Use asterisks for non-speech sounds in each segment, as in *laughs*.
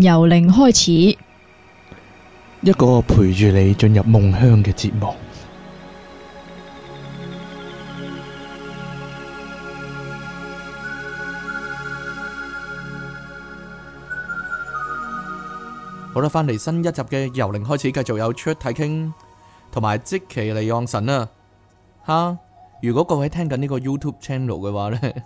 由零開始，一個陪住你進入夢鄉嘅節目。好啦，翻嚟新一集嘅由零開始，繼續有出太傾同埋即其嚟利用神啊！哈，如果各位聽緊呢個 YouTube channel 嘅話咧，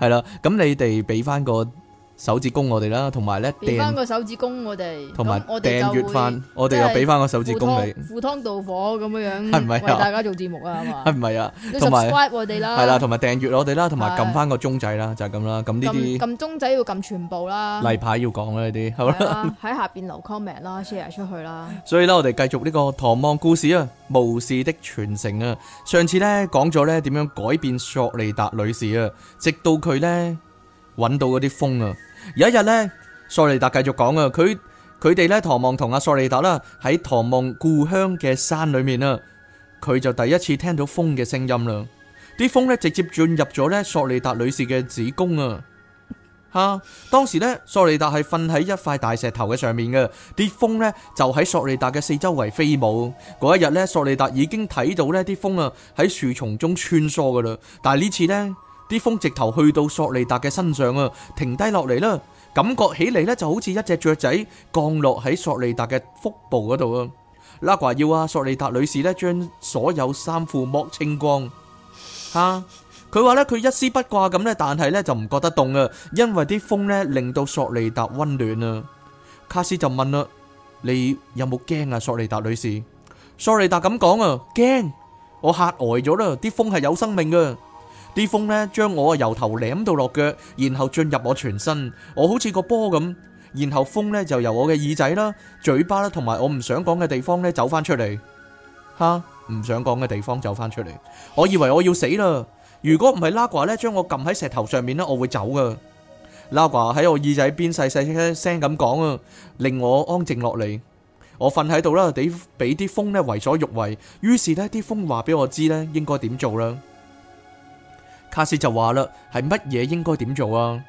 係啦，咁你哋俾翻個。手指公我哋啦，同埋咧掟翻個手指公我哋，咁我哋就會，我哋又俾翻個手指公你。赴湯蹈火咁樣樣，為大家做節目啊，係唔係啊？同埋，係啦，同埋訂閱我哋啦，同埋撳翻個鐘仔啦，就係咁啦。咁呢啲撳鐘仔要撳全部啦，例牌要講啦呢啲，係啦。喺下邊留 comment 啦，share 出去啦。所以咧，我哋繼續呢個《唐望故事》啊，《巫士的傳承》啊。上次咧講咗咧點樣改變索利達女士啊，直到佢咧。揾到嗰啲風啊！有一日呢，索利達繼續講啊，佢佢哋咧，唐望同阿索利達啦，喺唐望故鄉嘅山裏面啊，佢就第一次聽到風嘅聲音啦。啲風咧直接進入咗咧索利達女士嘅子宮啊！吓、啊，當時咧索利達係瞓喺一塊大石頭嘅上面嘅，啲風呢，就喺索利達嘅四周圍飛舞。嗰一日呢，索利達已經睇到呢啲風啊喺樹叢中穿梭噶啦，但係呢次呢。啲風直頭去到索利達嘅身上啊，停低落嚟啦，感覺起嚟咧就好似一隻雀仔降落喺索利達嘅腹部嗰度啊。拉華要啊索利達女士咧將所有衫褲剝清光，吓，佢話咧佢一絲不掛咁咧，但係咧就唔覺得凍啊，因為啲風咧令到索利達溫暖啊。卡斯就問啦：你有冇驚啊？索利達女士，索利達咁講啊，驚，我吓呆咗啦，啲風係有生命噶。啲風咧，將我啊由頭舐到落腳，然後進入我全身，我好似個波咁。然後風咧就由我嘅耳仔啦、嘴巴啦，同埋我唔想講嘅地方咧走翻出嚟，吓，唔想講嘅地方走翻出嚟。我以為我要死啦！如果唔係拉華咧將我撳喺石頭上面咧，我會走噶。拉華喺我耳仔邊細細聲咁講啊，令我安靜落嚟。我瞓喺度啦，俾俾啲風咧為所欲為，於是咧啲風話俾我知咧應該點做啦。卡斯就話啦，係乜嘢應該點做啊？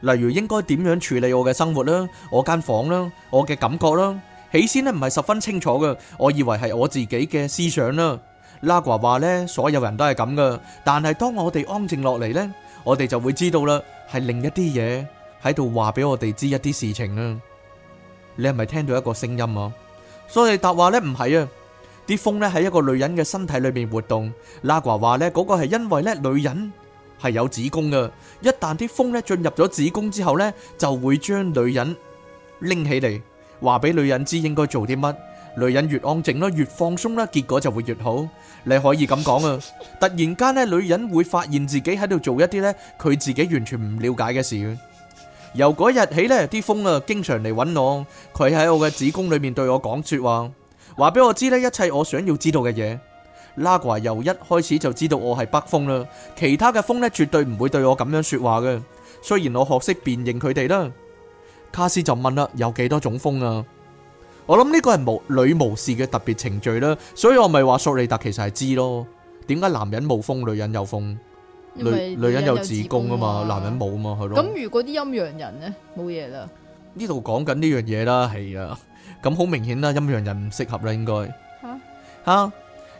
例如應該點樣處理我嘅生活啦、啊，我間房啦、啊，我嘅感覺啦、啊，起先咧唔係十分清楚嘅，我以為係我自己嘅思想啦、啊。拉華話呢，所有人都係咁噶，但係當我哋安靜落嚟呢，我哋就會知道啦，係另一啲嘢喺度話俾我哋知一啲事情啦、啊。你係咪聽到一個聲音啊？所以答話咧唔係啊。啲風咧喺一個女人嘅身體裏面活動。拉華話咧，嗰個係因為咧，女人係有子宮嘅。一旦啲風咧進入咗子宮之後咧，就會將女人拎起嚟，話俾女人知應該做啲乜。女人越安靜啦，越放鬆啦，結果就會越好。你可以咁講啊！突然間咧，女人會發現自己喺度做一啲咧，佢自己完全唔了解嘅事。由嗰日起咧，啲風啊，經常嚟搵我。佢喺我嘅子宮裏面對我講說話。話俾我知咧，一切我想要知道嘅嘢，拉瓜由一開始就知道我係北風啦。其他嘅風咧，絕對唔會對我咁樣說話嘅。雖然我學識辨認佢哋啦。卡斯就問啦，有幾多種風啊？我諗呢個係無，女巫士嘅特別程序啦，所以我咪話索利達其實係知咯。點解男人冇風，女人有風？因為 女女人有子宮啊嘛，啊男人冇嘛係咯。咁如果啲陰陽人呢，冇嘢啦。呢度講緊呢樣嘢啦，係啊。咁好明顯啦，陰陽人唔適合啦，應該吓吓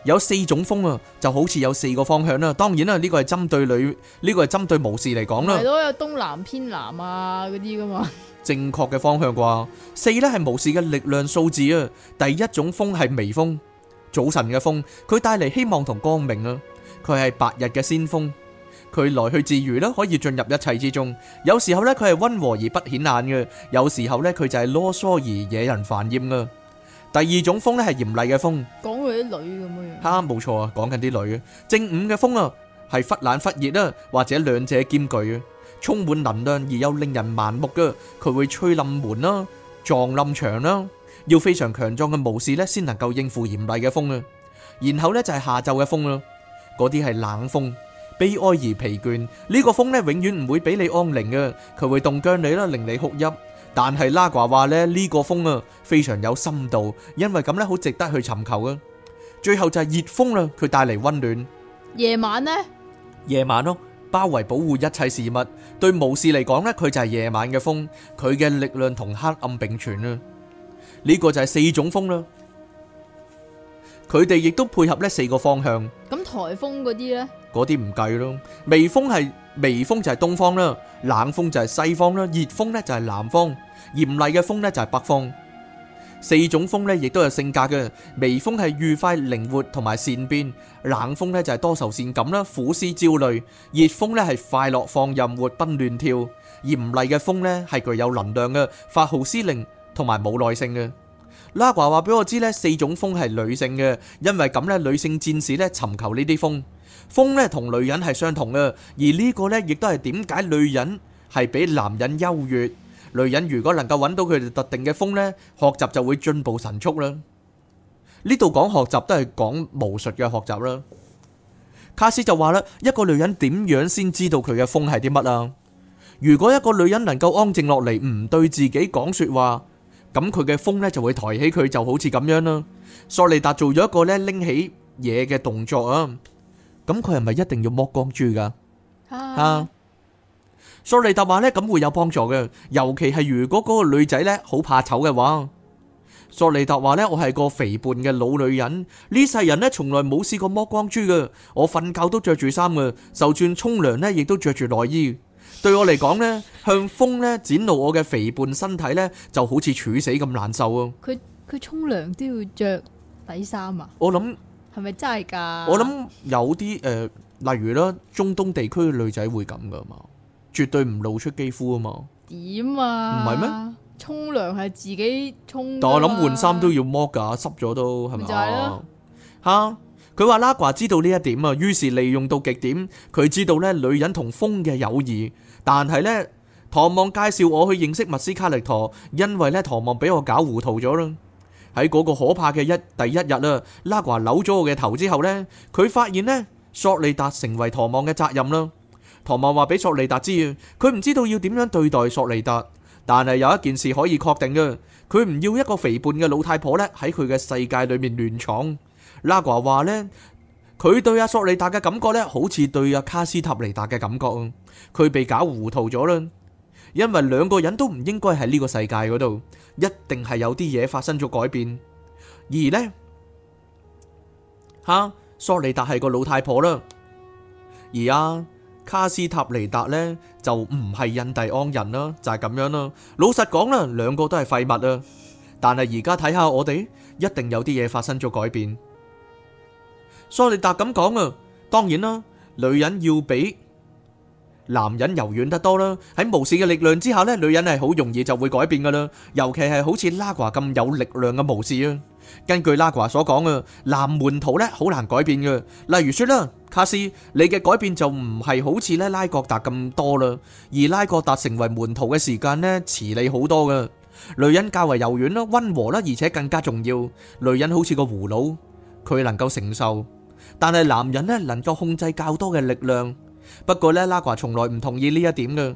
有四種風啊，就好似有四個方向啦。當然啦，呢個係針對女，呢個係針對巫士嚟講啦。係咯，有東南偏南啊嗰啲噶嘛。正確嘅方向啩？四呢係巫士嘅力量數字啊。第一種風係微風，早晨嘅風，佢帶嚟希望同光明啊。佢係白日嘅先鋒。佢來去自如啦，可以進入一切之中。有時候咧，佢係溫和而不顯眼嘅；有時候咧，佢就係囉嗦而惹人煩厭嘅。第二種風咧係嚴厲嘅風，講佢啲女咁樣。哈，冇錯啊，講緊啲女嘅正午嘅風啊，係忽冷忽熱啦，或者兩者兼具啊，充滿能量而又令人盲目嘅，佢會吹冧門啦，撞冧牆啦，要非常強壯嘅巫士咧先能夠應付嚴厲嘅風啊。然後咧就係下晝嘅風啦，嗰啲係冷風。悲哀而疲倦，呢個風咧永遠唔會俾你安寧嘅，佢會凍僵你啦，令你哭泣。但係拉瓜話咧，呢個風啊，非常有深度，因為咁咧好值得去尋求嘅。最後就係熱風啦，佢帶嚟溫暖。夜晚咧，夜晚咯，包圍保護一切事物。對巫士嚟講咧，佢就係夜晚嘅風，佢嘅力量同黑暗並存啊。呢個就係四種風啦。佢哋亦都配合呢四個方向。咁颱風嗰啲呢？嗰啲唔計咯。微風係微風就係東方啦，冷風就係西方啦，熱風呢就係南方，嚴厲嘅風呢就係北方。四種風呢亦都有性格嘅。微風係愉快靈活同埋善變，冷風呢就係多愁善感啦，苦思焦慮；熱風呢係快樂放任，活蹦亂跳；嚴厲嘅風呢係具有能量嘅，發號施令同埋冇耐性嘅。拉華話俾我知呢，四種風係女性嘅，因為咁呢，女性戰士呢尋求呢啲風，風呢同女人係相同嘅，而呢個呢亦都係點解女人係比男人優越。女人如果能夠搵到佢哋特定嘅風呢，學習就會進步神速啦。呢度講學習都係講巫術嘅學習啦。卡斯就話啦，一個女人點樣先知道佢嘅風係啲乜啊？如果一個女人能夠安靜落嚟，唔對自己講說話。咁佢嘅風呢就會抬起佢，就好似咁樣啦。索利達做咗一個咧拎起嘢嘅動作啊。咁佢係咪一定要剝光豬噶？啊，索利達話呢，咁會有幫助嘅，尤其係如果嗰個女仔呢好怕醜嘅話，索利達話呢，我係個肥胖嘅老女人，呢世人呢從來冇試過剝光豬嘅，我瞓覺都着住衫嘅，就算沖涼呢，亦都着住內衣。對我嚟講呢，向風呢展露我嘅肥胖身體呢，就好似處死咁難受啊！佢佢沖涼都要着底衫啊！我諗係咪真係噶？我諗有啲誒、呃，例如啦，中東地區嘅女仔會咁噶嘛，絕對唔露出肌膚啊嘛！點啊？唔係咩？沖涼係自己沖。但我諗換衫都要剝噶，濕咗都係咪啊？吓！佢話拉瓜知道呢一點啊，於是利用到極點，佢知道呢，女人同風嘅友誼。但係呢，唐望介紹我去認識密斯卡力陀，因為呢，唐望俾我搞糊塗咗啦。喺嗰個可怕嘅一第一日啦，拉瓜扭咗我嘅頭之後呢，佢發現呢，索利達成為唐望嘅責任啦。唐望話俾索利達知，佢唔知道要點樣對待索利達，但係有一件事可以確定嘅，佢唔要一個肥胖嘅老太婆呢，喺佢嘅世界裏面亂闖。拉瓜話呢。佢對阿索利達嘅感覺咧，好似對阿卡斯塔尼達嘅感覺啊，佢被搞糊塗咗啦，因為兩個人都唔應該喺呢個世界嗰度，一定係有啲嘢發生咗改變，而呢吓，索利達係個老太婆啦，而阿卡斯塔尼達呢就唔係印第安人啦，就係咁樣啦。老實講啦，兩個都係廢物啊，但係而家睇下我哋，一定有啲嘢發生咗改變。蘇利達咁講啊，當然啦，女人要比男人柔軟得多啦。喺巫士嘅力量之下咧，女人係好容易就會改變噶啦。尤其係好似拉瓜咁有力量嘅巫士啊。根據拉瓜所講啊，男門徒咧好難改變噶。例如說啦，卡斯，你嘅改變就唔係好似咧拉格達咁多啦。而拉格達成為門徒嘅時間咧遲你好多噶。女人較為柔軟啦、溫和啦，而且更加重要。女人好似個葫蘆，佢能夠承受。但係男人咧能夠控制較多嘅力量，不過咧拉瓜從來唔同意呢一點嘅。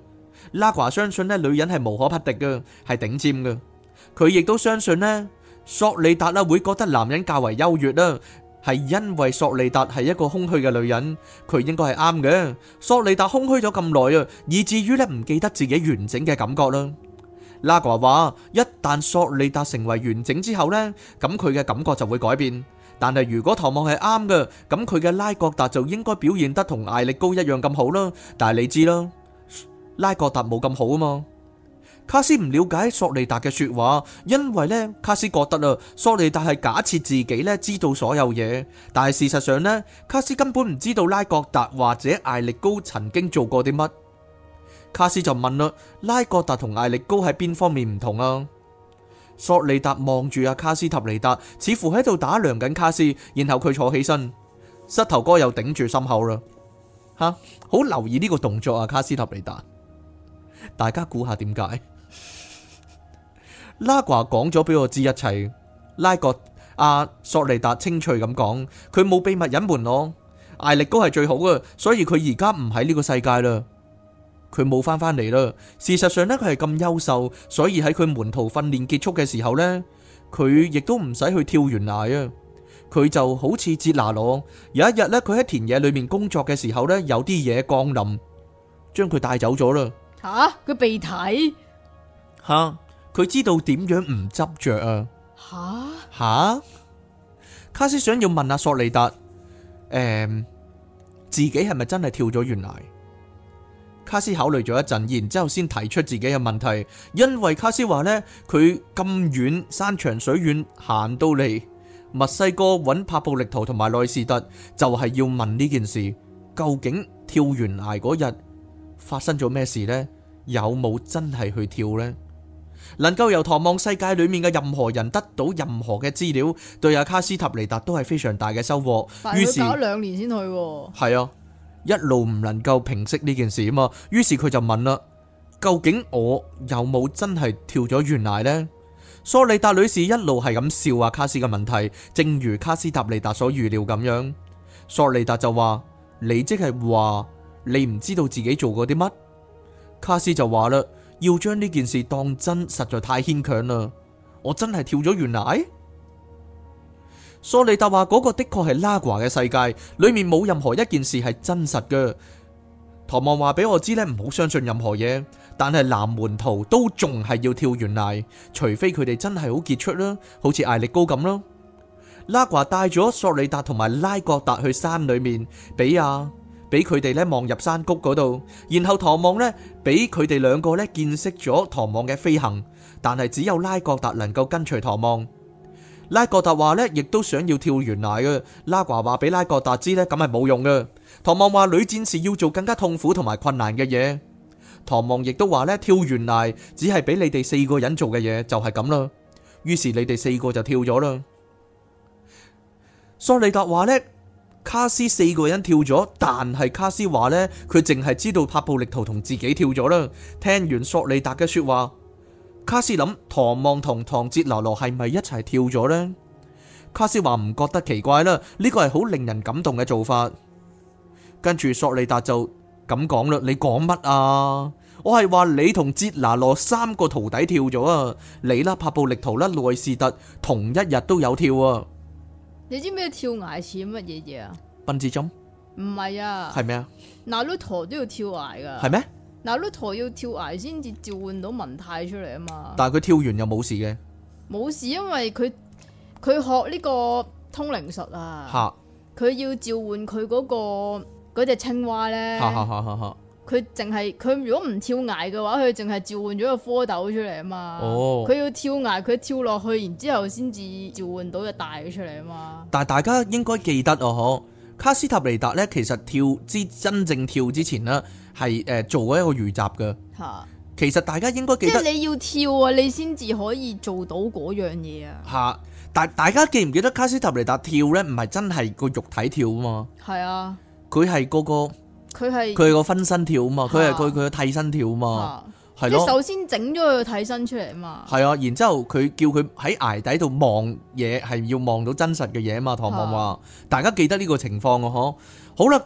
拉瓜相信咧女人係無可匹敵嘅，係頂尖嘅。佢亦都相信呢，索利達啦會覺得男人較為優越啦，係因為索利達係一個空虛嘅女人，佢應該係啱嘅。索利達空虛咗咁耐啊，以至於咧唔記得自己完整嘅感覺啦。拉瓜話一旦索利達成為完整之後呢，咁佢嘅感覺就會改變。但係如果唐望係啱嘅，咁佢嘅拉格達就應該表現得同艾力高一樣咁好啦。但係你知啦，拉格達冇咁好啊嘛。卡斯唔了解索利達嘅說話，因為呢，卡斯覺得啊，索利達係假設自己呢知道所有嘢，但係事實上呢，卡斯根本唔知道拉格達或者艾力高曾經做過啲乜。卡斯就問啦：拉格達同艾力高喺邊方面唔同啊？索利達望住阿卡斯塔尼達，似乎喺度打量緊卡斯，然後佢坐起身，膝頭哥又頂住心口啦，吓，好留意呢個動作啊！卡斯塔尼達，大家估下點解？拉掛講咗俾我知一切，拉個阿、啊、索利達清脆咁講，佢冇秘密隱瞞我，艾力哥係最好嘅，所以佢而家唔喺呢個世界啦。佢冇翻返嚟啦。事實上咧，佢係咁優秀，所以喺佢門徒訓練結束嘅時候咧，佢亦都唔使去跳懸崖啊。佢就好似捷拿朗，有一日咧，佢喺田野裏面工作嘅時候咧，有啲嘢降臨，將佢帶走咗啦。吓，佢鼻涕吓，佢知道點樣唔執着啊。吓吓，卡斯想要問下索利達，誒，自己係咪真係跳咗懸崖？卡斯考慮咗一陣，然之後先提出自己嘅問題，因為卡斯話呢，佢咁遠山長水遠行到嚟墨西哥揾帕布力圖同埋內士特，就係、是、要問呢件事，究竟跳懸崖嗰日發生咗咩事呢？有冇真係去跳呢？能夠由《唐望世界》裏面嘅任何人得到任何嘅資料，對阿卡斯塔尼達都係非常大嘅收穫。啊、於是，兩年先去係啊。一路唔能夠平息呢件事啊嘛，於是佢就問啦：究竟我有冇真係跳咗懸崖呢？」索利達女士一路係咁笑阿、啊、卡斯嘅問題，正如卡斯達利達所預料咁樣，索利達就話：你即係話你唔知道自己做過啲乜？卡斯就話啦：要將呢件事當真實在太牽強啦！我真係跳咗懸崖。索利達話嗰個的確係拉瓜嘅世界，裏面冇任何一件事係真實嘅。唐望話俾我知咧，唔好相信任何嘢，但係南門徒都仲係要跳懸崖，除非佢哋真係好傑出啦，好似艾力高咁囉。拉瓜帶咗索利達同埋拉國達去山裏面，俾啊俾佢哋咧望入山谷嗰度，然後唐望呢俾佢哋兩個咧見識咗唐望嘅飛行，但係只有拉國達能夠跟隨唐望。拉格達話咧，亦都想要跳懸崖嘅。拉華話俾拉格達知咧，咁係冇用嘅。唐望話女戰士要做更加痛苦同埋困難嘅嘢。唐望亦都話咧，跳懸崖只係俾你哋四個人做嘅嘢，就係咁啦。於是你哋四個就跳咗啦。索利達話咧，卡斯四個人跳咗，但係卡斯話咧，佢淨係知道帕布力圖同自己跳咗啦。聽完索利達嘅說話。卡斯諗唐望同唐哲拿羅係咪一齊跳咗呢？卡斯話唔覺得奇怪啦，呢個係好令人感動嘅做法。跟住索利達就咁講啦：你講乜啊？我係話你同哲拿羅三個徒弟跳咗啊！你啦、帕布力圖啦、內士特，同一日都有跳啊！你知唔知跳崖似乜嘢嘢啊？奔字針？唔係啊？係咩啊？嗱，女陀都要跳崖噶？係咩？嗱，魯陀要跳崖先至召喚到文太出嚟啊嘛！但係佢跳完又冇事嘅，冇事，因為佢佢學呢個通靈術啊，佢哈要召喚佢嗰、嗰個隻青蛙呢？佢淨係佢如果唔跳崖嘅話，佢淨係召喚咗個蝌蚪出嚟啊嘛。哦，佢要跳崖，佢跳落去，然之後先至召喚到隻大嘅出嚟啊嘛。但係大家應該記得哦，卡斯塔尼達呢，其實跳之真正跳之前呢。係誒，做一個預習噶。吓的，其實大家應該記得，即係你要跳啊，你先至可以做到嗰樣嘢啊。吓，大大家記唔記得卡斯塔尼達跳咧？唔係真係個肉體跳啊嘛。係啊的。佢係個個，佢係佢係個分身跳啊嘛。佢係佢佢替身跳啊嘛。係咯的。的首先整咗佢個替身出嚟啊嘛。係啊，然之後佢叫佢喺崖底度望嘢，係要望到真實嘅嘢啊嘛。唐望話：大家記得呢個情況啊，嗬。好啦。好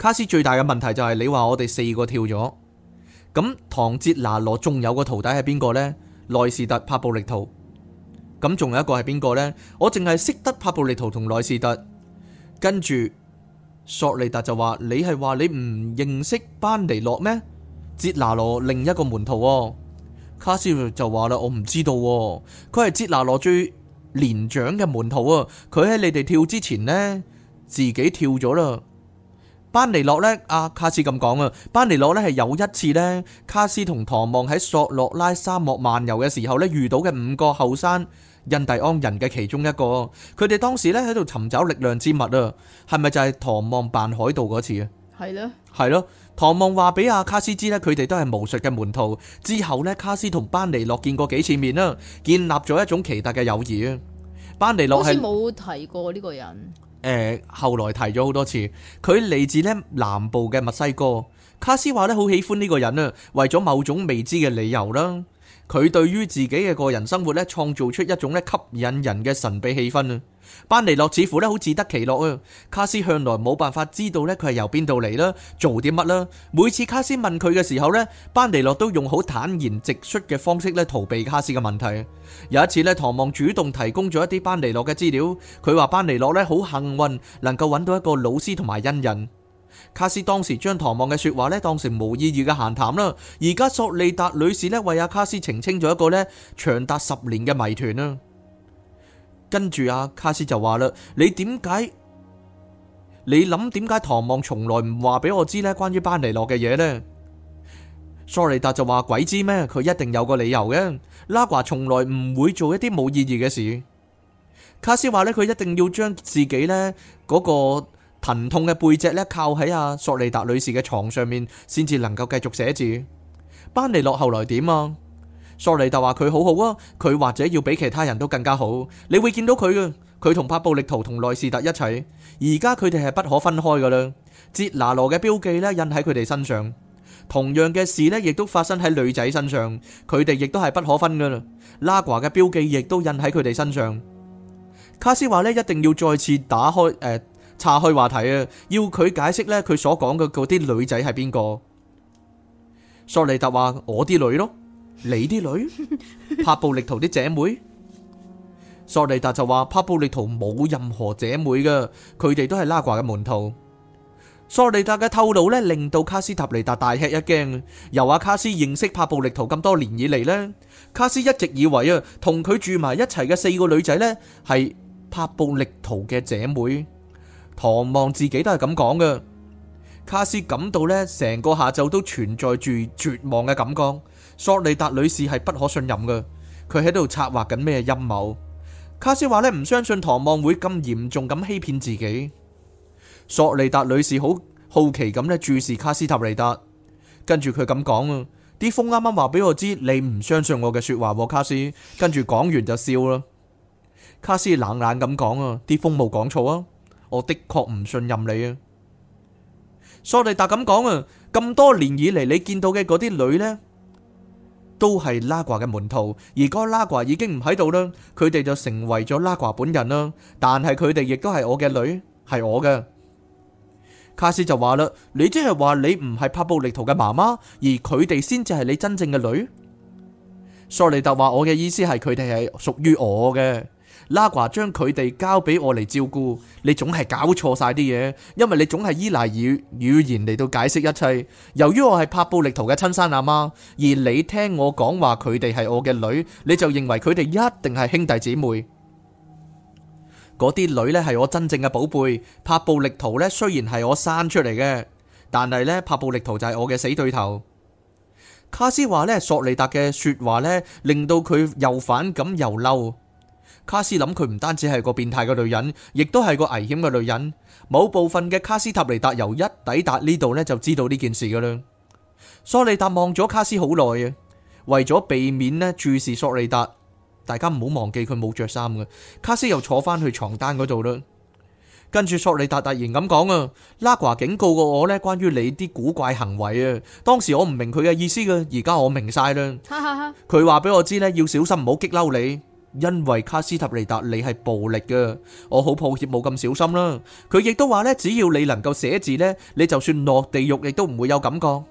卡斯最大嘅問題就係你話我哋四個跳咗，咁唐哲拿羅仲有個徒弟係邊個呢？內斯特、帕布力圖，咁仲有一個係邊個呢？我淨係識得帕布力圖同內斯特，跟住索利達就話：你係話你唔認識班尼諾咩？哲拿羅另一個門徒啊、哦！卡斯就就話啦：我唔知道、哦，佢係哲拿羅最年長嘅門徒啊、哦！佢喺你哋跳之前呢，自己跳咗啦。班尼洛咧，阿、啊、卡斯咁講啊，班尼洛咧係有一次呢，卡斯同唐望喺索洛拉沙漠漫遊嘅時候咧，遇到嘅五個後生印第安人嘅其中一個，佢哋當時咧喺度尋找力量之物啊，係咪就係唐望扮海盜嗰次啊？係咯呢，係咯，唐望話俾阿卡斯知咧，佢哋都係巫術嘅門徒。之後咧，卡斯同班尼洛見過幾次面啦，建立咗一種奇特嘅友誼啊。班尼洛好似冇提過呢個人。誒，後來提咗好多次，佢嚟自咧南部嘅墨西哥。卡斯話呢好喜歡呢個人啊，為咗某種未知嘅理由啦，佢對於自己嘅個人生活咧，創造出一種咧吸引人嘅神秘氣氛啊。班尼諾似乎咧好自得其樂啊！卡斯向來冇辦法知道咧佢係由邊度嚟啦，做啲乜啦。每次卡斯問佢嘅時候咧，班尼諾都用好坦然直率嘅方式咧逃避卡斯嘅問題。有一次咧，唐望主動提供咗一啲班尼諾嘅資料，佢話班尼諾咧好幸運能夠揾到一個老師同埋恩人。卡斯當時將唐望嘅說話咧當成無意義嘅閒談啦。而家索利達女士咧為阿卡斯澄清咗一個咧長達十年嘅謎團啦。跟住阿卡斯就話啦，你點解你諗，點解唐望從來唔話俾我知呢，關於班尼諾嘅嘢呢？索尼達就話，鬼知咩？佢一定有個理由嘅。拉華從來唔會做一啲冇意義嘅事。卡斯話呢，佢一定要將自己呢嗰個疼痛嘅背脊呢靠，喺阿索尼達女士嘅床上面，先至能夠繼續寫字。班尼諾後來點啊？索尼特話佢好好啊，佢或者要比其他人都更加好。你會見到佢啊，佢同帕布力圖同內士特一齊。而家佢哋係不可分開噶啦。捷拿羅嘅標記呢印喺佢哋身上，同樣嘅事呢亦都發生喺女仔身上，佢哋亦都係不可分噶啦。拉華嘅標記亦都印喺佢哋身上。卡斯話呢一定要再次打開誒岔、呃、開話題啊，要佢解釋呢佢所講嘅嗰啲女仔係邊個。索尼特話我啲女咯。你啲女，帕布力圖啲姐妹，索利達就話帕布力圖冇任何姐妹嘅，佢哋都係拉瓜嘅門徒。索利達嘅透露呢，令到卡斯塔尼達大吃一驚。由阿卡斯認識帕布力圖咁多年以嚟呢，卡斯一直以為啊，同佢住埋一齊嘅四個女仔呢係帕布力圖嘅姐妹。唐望自己都係咁講嘅，卡斯感到呢，成個下晝都存在住絕望嘅感覺。索利達女士係不可信任嘅，佢喺度策劃緊咩陰謀？卡斯話呢，唔相信唐望會咁嚴重咁欺騙自己。索利達女士好好奇咁呢，注視卡斯塔利達，跟住佢咁講啊，啲風啱啱話俾我知你唔相信我嘅說話，卡斯。跟住講完就笑啦。卡斯冷冷咁講啊，啲風冇講錯啊，我的確唔信任你啊。索利達咁講啊，咁多年以嚟你見到嘅嗰啲女呢。都係拉華嘅門徒，而個拉華已經唔喺度啦，佢哋就成為咗拉華本人啦。但係佢哋亦都係我嘅女，係我嘅。卡斯就話啦，你即係話你唔係帕布力圖嘅媽媽，而佢哋先至係你真正嘅女？索尼特話，我嘅意思係佢哋係屬於我嘅。拉瓜將佢哋交俾我嚟照顧，你總係搞錯晒啲嘢，因為你總係依賴語語言嚟到解釋一切。由於我係帕布力圖嘅親生阿媽，而你聽我講話，佢哋係我嘅女，你就認為佢哋一定係兄弟姐妹。嗰啲女呢，係我真正嘅寶貝，帕布力圖呢，雖然係我生出嚟嘅，但係呢，帕布力圖就係我嘅死對頭。卡斯話呢，索尼達嘅說話呢，令到佢又反感又嬲。卡斯諗佢唔單止係個變態嘅女人，亦都係個危險嘅女人。某部分嘅卡斯塔尼達由一抵達呢度呢，就知道呢件事噶啦。索利達望咗卡斯好耐啊，為咗避免呢，注視索利達，大家唔好忘記佢冇着衫噶卡斯又坐返去床單嗰度啦。跟住索利達突然咁講啊，拉瓜警告過我呢，關於你啲古怪行為啊，當時我唔明佢嘅意思噶，而家我明晒啦。哈哈。佢話俾我知呢，要小心唔好激嬲你。因為卡斯塔尼達你係暴力嘅，我好抱歉冇咁小心啦。佢亦都話咧，只要你能夠寫字呢，你就算落地獄你都唔會有感覺。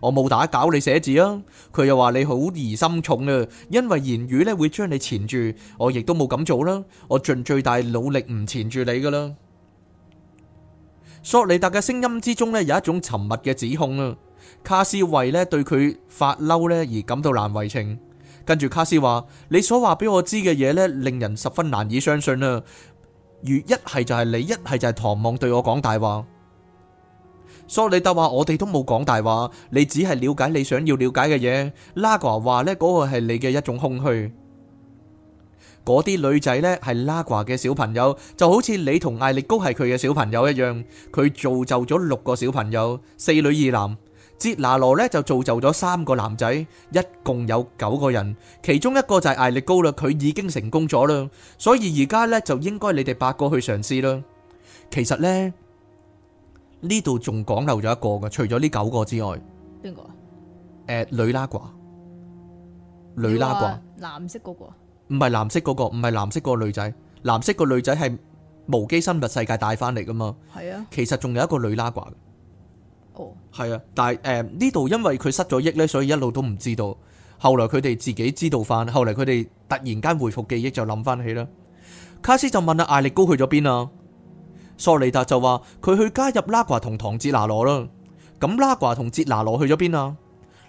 我冇打攪你寫字啊。佢又話你好疑心重啊，因為言語咧會將你纏住。我亦都冇咁做啦。我盡最大努力唔纏住你噶啦。索尼達嘅聲音之中咧有一種沉默嘅指控啊。卡斯維咧對佢發嬲呢，而感到難為情。跟住卡斯話：你所話俾我知嘅嘢呢，令人十分難以相信啦。如一係就係你，一係就係唐望對我講大話。索里德話：我哋都冇講大話，你只係了解你想要了解嘅嘢。拉瓜話呢嗰個係你嘅一種空虛。嗰啲女仔呢，係拉瓜嘅小朋友，就好似你同艾力高係佢嘅小朋友一樣，佢造就咗六個小朋友，四女二男。捷拿羅咧就造就咗三個男仔，一共有九個人，其中一個就係艾力高啦，佢已經成功咗啦，所以而家咧就應該你哋八個去嘗試啦。其實咧呢度仲講漏咗一個噶，除咗呢九個之外，邊個？誒，女拉寡，女拉寡，藍色嗰個？唔係藍色嗰個，唔係藍色嗰個女仔，藍色個女仔係無機生物世界帶翻嚟，噶嘛？係啊。其實仲有一個女拉寡。哦，係啊，但係誒呢度因為佢失咗憶呢，所以一路都唔知道。後來佢哋自己知道翻，後來佢哋突然間回復記憶就諗翻起啦。卡斯就問阿艾力高去咗邊啊？索利達就話佢去加入拉瓜同唐哲拿羅啦。咁拉瓜同哲拿羅去咗邊啊？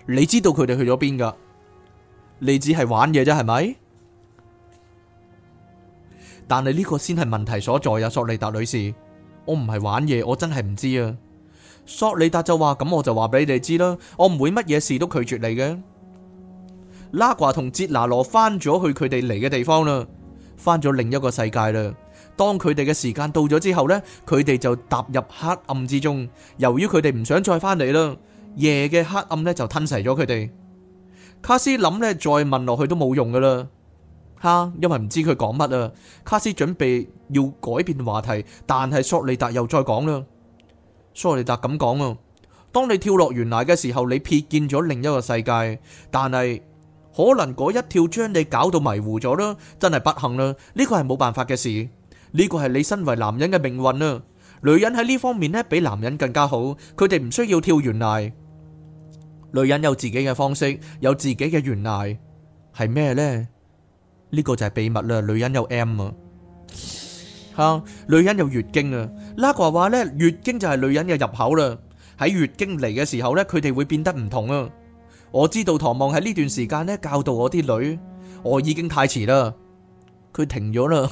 你知道佢哋去咗邊噶？你只係玩嘢啫係咪？但係呢個先係問題所在啊，索利達女士，我唔係玩嘢，我真係唔知啊。索里達就話：咁我就話俾你哋知啦，我唔會乜嘢事都拒絕你嘅。拉瓜同捷拿羅返咗去佢哋嚟嘅地方啦，返咗另一個世界啦。當佢哋嘅時間到咗之後呢，佢哋就踏入黑暗之中。由於佢哋唔想再返嚟啦，夜嘅黑暗呢就吞噬咗佢哋。卡斯諗呢，再問落去都冇用噶啦，哈，因為唔知佢講乜啊。卡斯準備要改變話題，但係索里達又再講啦。蘇利達咁講啊，當你跳落懸崖嘅時候，你瞥見咗另一個世界，但係可能嗰一跳將你搞到迷糊咗啦，真係不幸啦，呢個係冇辦法嘅事，呢個係你身為男人嘅命運啊。女人喺呢方面呢，比男人更加好，佢哋唔需要跳懸崖，女人有自己嘅方式，有自己嘅懸崖，係咩呢？呢個就係秘密啦，女人有 M 啊。吓、啊，女人有月經啊，拉華話咧，月經就係女人嘅入口啦。喺月經嚟嘅時候咧，佢哋會變得唔同啊。我知道唐望喺呢段時間咧教導我啲女，我已經太遲啦，佢停咗啦。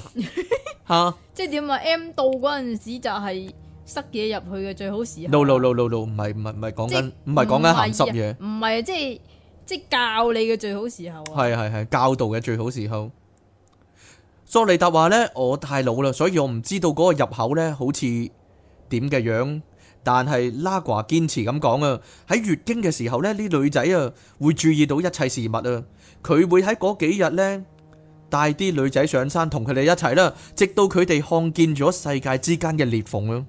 吓，即係點啊？M 到嗰陣時就係塞嘢入去嘅最好時候。 *laughs* no no no no no，唔係唔係唔係，講緊唔係講緊鹹濕嘢，唔係即係即係教你嘅最好時候啊。係係係，教導嘅最好時候。索利達話呢，我太老啦，所以我唔知道嗰個入口呢好似點嘅樣。但係拉瓜堅持咁講啊，喺月經嘅時候呢，啲女仔啊會注意到一切事物啊。佢會喺嗰幾日呢，帶啲女仔上山同佢哋一齊啦，直到佢哋看見咗世界之間嘅裂縫啊。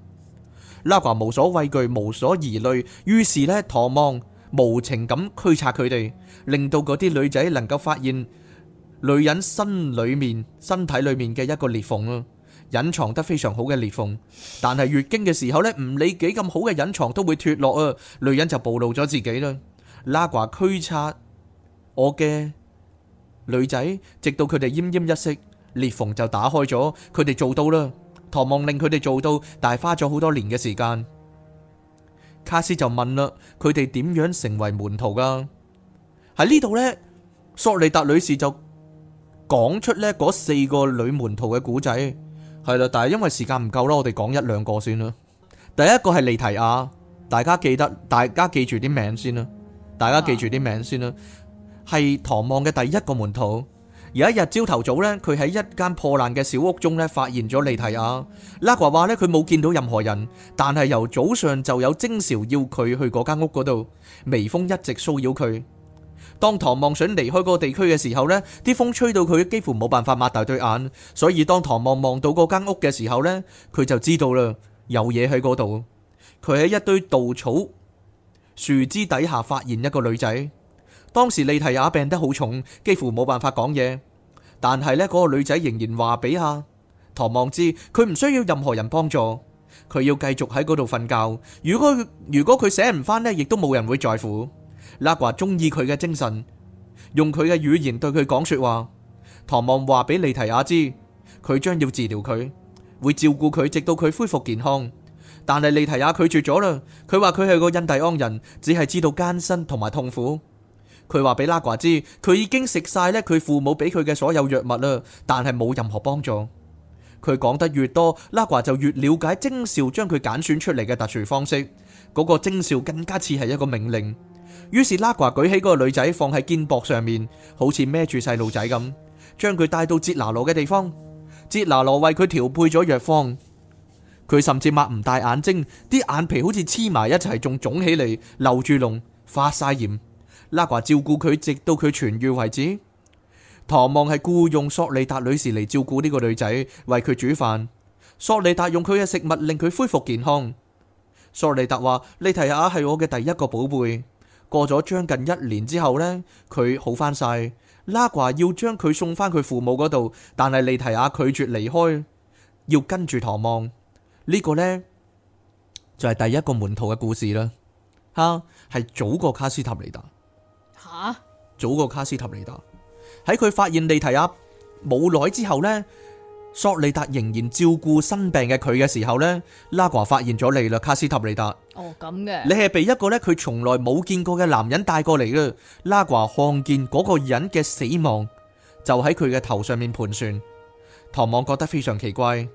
拉瓜無所畏懼，無所疑慮，於是呢，狂妄無情咁驅策佢哋，令到嗰啲女仔能夠發現。女人身裏面、身體裏面嘅一個裂縫啊，隱藏得非常好嘅裂縫。但係月經嘅時候呢，唔理幾咁好嘅隱藏，都會脱落啊。女人就暴露咗自己啦。拉瓜驅策我嘅女仔，直到佢哋奄奄一息，裂縫就打開咗。佢哋做到啦，唐望令佢哋做到，但係花咗好多年嘅時間。卡斯就問啦，佢哋點樣成為門徒噶？喺呢度呢，索利達女士就。講出呢嗰四個女門徒嘅故仔。係啦，但係因為時間唔夠啦，我哋講一兩個先啦。第一個係利提亞，大家記得，大家記住啲名先啦，大家記住啲名先啦。係、啊、唐望嘅第一個門徒，有一日朝頭早呢，佢喺一間破爛嘅小屋中呢，發現咗利提亞。拉華話呢，佢冇見到任何人，但係由早上就有徵兆要佢去嗰間屋嗰度，微風一直騷擾佢。當唐望想離開嗰個地區嘅時候呢，啲風吹到佢幾乎冇辦法擘大對眼，所以當唐望望到嗰間屋嘅時候呢，佢就知道啦，有嘢喺嗰度。佢喺一堆稻草樹枝底下發現一個女仔，當時利提亞病得好重，幾乎冇辦法講嘢，但係呢嗰個女仔仍然話俾阿唐望知，佢唔需要任何人幫助，佢要繼續喺嗰度瞓覺。如果如果佢醒唔返呢，亦都冇人會在乎。拉瓜中意佢嘅精神，用佢嘅語言對佢講說話。唐望話俾利提亞知，佢將要治療佢，會照顧佢，直到佢恢復健康。但係利提亞拒絕咗啦，佢話佢係個印第安人，只係知道艱辛同埋痛苦。佢話俾拉瓜知，佢已經食晒咧佢父母俾佢嘅所有藥物啦，但係冇任何幫助。佢講得越多，拉瓜就越了解徵兆將佢揀選出嚟嘅特殊方式，嗰、那個徵兆更加似係一個命令。於是拉瓜舉起嗰個女仔放喺肩膊上面，好似孭住細路仔咁，將佢帶到杰拿羅嘅地方。杰拿羅為佢調配咗藥方，佢甚至擘唔大眼睛，啲眼皮好似黐埋一齊，仲腫起嚟，流住膿，發晒炎。拉瓜照顧佢直到佢痊愈為止。唐望係雇用索利達女士嚟照顧呢個女仔，為佢煮飯。索利達用佢嘅食物令佢恢復健康。索利達話：你睇下，係我嘅第一個寶貝。過咗將近一年之後呢，佢好翻晒。拉華要將佢送返佢父母嗰度，但係利提亞拒絕離開，要跟住唐望。呢、這個呢，就係、是、第一個門徒嘅故事啦，吓係早過卡斯塔尼達。吓早蛤過卡斯塔尼達，喺佢發現利提亞冇耐之後呢。索利達仍然照顧生病嘅佢嘅時候呢，拉瓜發現咗你啦，卡斯塔利達哦，咁嘅你係被一個咧佢從來冇見過嘅男人帶過嚟嘅。拉瓜看見嗰個人嘅死亡，就喺佢嘅頭上面盤算。唐望覺得非常奇怪，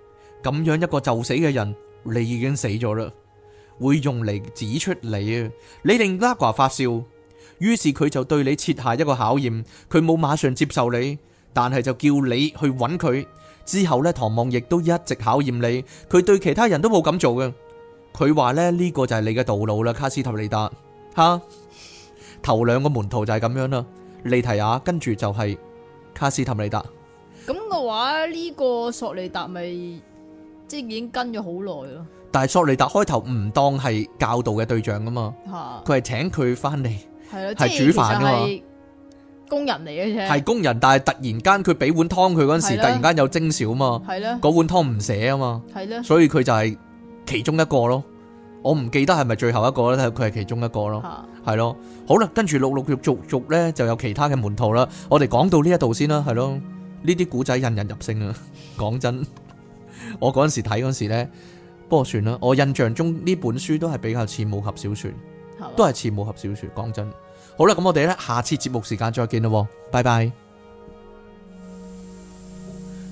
咁樣一個就死嘅人，你已經死咗啦，會用嚟指出你啊？你令拉瓜發笑，於是佢就對你設下一個考驗，佢冇馬上接受你，但係就叫你去揾佢。之後咧，唐望亦都一直考驗你，佢對其他人都冇咁做嘅。佢話咧呢、呢個就係你嘅道路啦，卡斯塔尼達，吓頭兩個門徒就係咁樣啦，利提亞，跟住就係卡斯塔尼達。咁嘅話呢、呢個索利達咪、就是、即係已經跟咗好耐咯。但係索利達開頭唔當係教導嘅對象啊嘛，佢係、啊、請佢翻嚟係煮飯啊嘛。工人嚟嘅係工人，但係突然間佢俾碗湯佢嗰陣時，是的 突然間有蒸少啊嘛，係嗰是的 碗湯唔寫啊嘛，係是的 所以佢就係其中一個咯。我唔記得係咪最後一個咧，但係佢係其中一個咯，係咯。好啦，跟住陸陸續續續咧就有其他嘅門徒啦。我哋講到呢一度先啦，係咯。呢啲古仔引人入勝啊！呵呵 *laughs* 講真，我嗰陣時睇嗰陣時咧，不過算啦。我印象中呢本書都係比較似武俠小說，都係似武俠小說。講真。是的 *laughs* 好啦，咁我哋咧，下次節目時間再見啦，拜拜！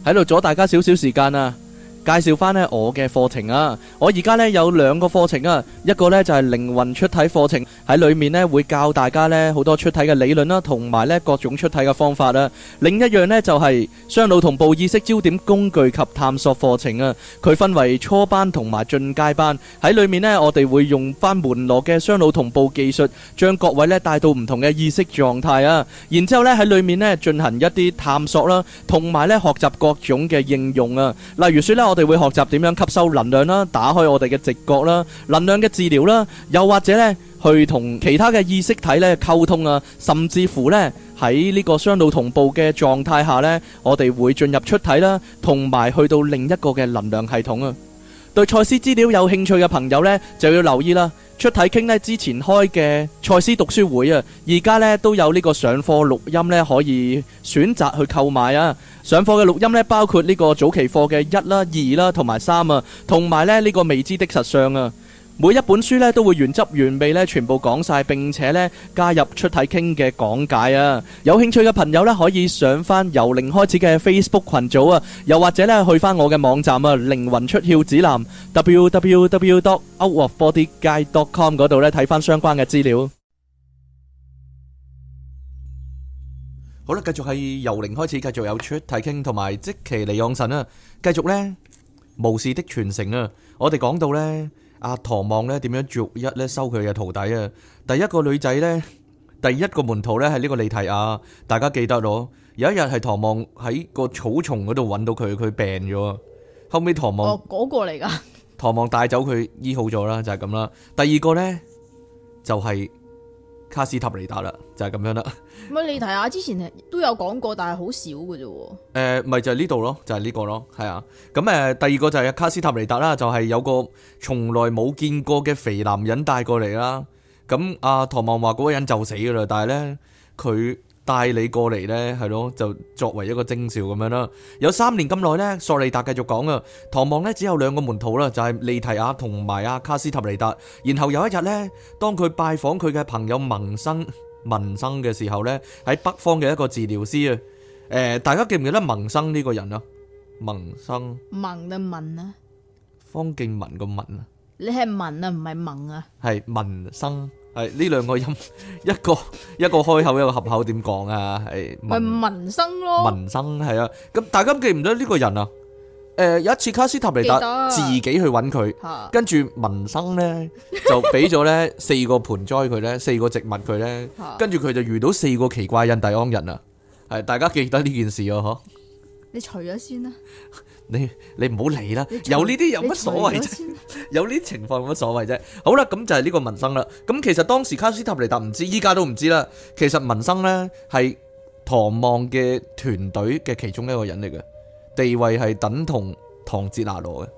喺度阻大家少少時間啊。介紹翻呢我嘅課程啊！我而家呢有兩個課程啊，一個呢就係靈魂出體課程，喺裏面呢會教大家呢好多出體嘅理論啦，同埋呢各種出體嘅方法啦。另一樣呢就係雙腦同步意識焦點工具及探索課程啊。佢分為初班同埋進階班，喺裏面呢我哋會用翻門羅嘅雙腦同步技術，將各位呢帶到唔同嘅意識狀態啊。然之後呢喺裏面呢進行一啲探索啦，同埋呢學習各種嘅應用啊。例如説呢我。我哋會學習點樣吸收能量啦，打開我哋嘅直覺啦，能量嘅治療啦，又或者咧去同其他嘅意識體咧溝通啊，甚至乎咧喺呢個雙腦同步嘅狀態下咧，我哋會進入出體啦，同埋去到另一個嘅能量系統啊。對賽斯資料有興趣嘅朋友咧，就要留意啦。出體傾咧之前開嘅賽斯讀書會啊，而家咧都有呢個上課錄音咧，可以選擇去購買啊。上課嘅錄音咧，包括呢個早期課嘅一啦、二啦同埋三啊，同埋咧呢個未知的實相啊。每一本書咧都會原汁原味咧全部講晒，並且咧加入出體傾嘅講解啊。有興趣嘅朋友咧可以上翻由零開始嘅 Facebook 群組啊，又或者咧去翻我嘅網站啊，靈魂出竅指南 www.outofbodyguide.com 嗰度咧睇翻相關嘅資料。好啦，繼續係由零開始，繼續有出題傾同埋即期離養神啊！繼續咧巫士的傳承啊！我哋講到咧阿唐望咧點樣逐一咧收佢嘅徒弟啊！第一個女仔咧，第一個門徒咧係呢個李提亞啊！大家記得咯，有一日係唐望喺個草叢嗰度搵到佢，佢病咗，後尾，唐望哦嗰個嚟噶，唐望帶走佢醫好咗啦，就係咁啦。第二個咧就係。卡斯塔尼達啦，就係咁樣啦。唔係你睇下，之前都有講過，但係好少嘅啫。誒，咪就係呢度咯，就係呢個咯，係啊。咁誒，第二個就係卡斯塔尼達啦，就係有個從來冇見過嘅肥男人帶過嚟啦。咁阿唐望話嗰個人就死噶啦，但係咧佢帶你過嚟咧，係咯，就作為一個徵兆咁樣啦。有三年咁耐咧，索利達繼續講啊。唐望咧只有兩個門徒啦，就係利提亞同埋阿卡斯塔利達。然後有一日咧，當佢拜訪佢嘅朋友文生，文生嘅時候咧，喺北方嘅一個治療師啊。誒，大家記唔記得文生呢個人啊？文生。文啊文啊。方敬文個文啊。你係文啊，唔係萌啊。係文生。係呢兩個音，一個一個開口，一個合口，點講啊？係民生咯，民生係啊。咁大家記唔得呢個人啊？誒，有一次卡斯塔尼達自己去搵佢，跟住民生咧就俾咗咧四個盆栽佢咧，四個植物佢咧，跟住佢就遇到四個奇怪印第安人啊！係大家記得呢件事啊？嗬，你除咗先啦。你你唔好理啦，還有呢啲有乜所謂啫？才才 *laughs* 有呢啲情況有乜所謂啫。好啦，咁就係呢個民生啦。咁其實當時卡斯塔尼達唔知，依家都唔知啦。其實民生咧係唐望嘅團隊嘅其中一個人嚟嘅，地位係等同唐哲拿羅嘅。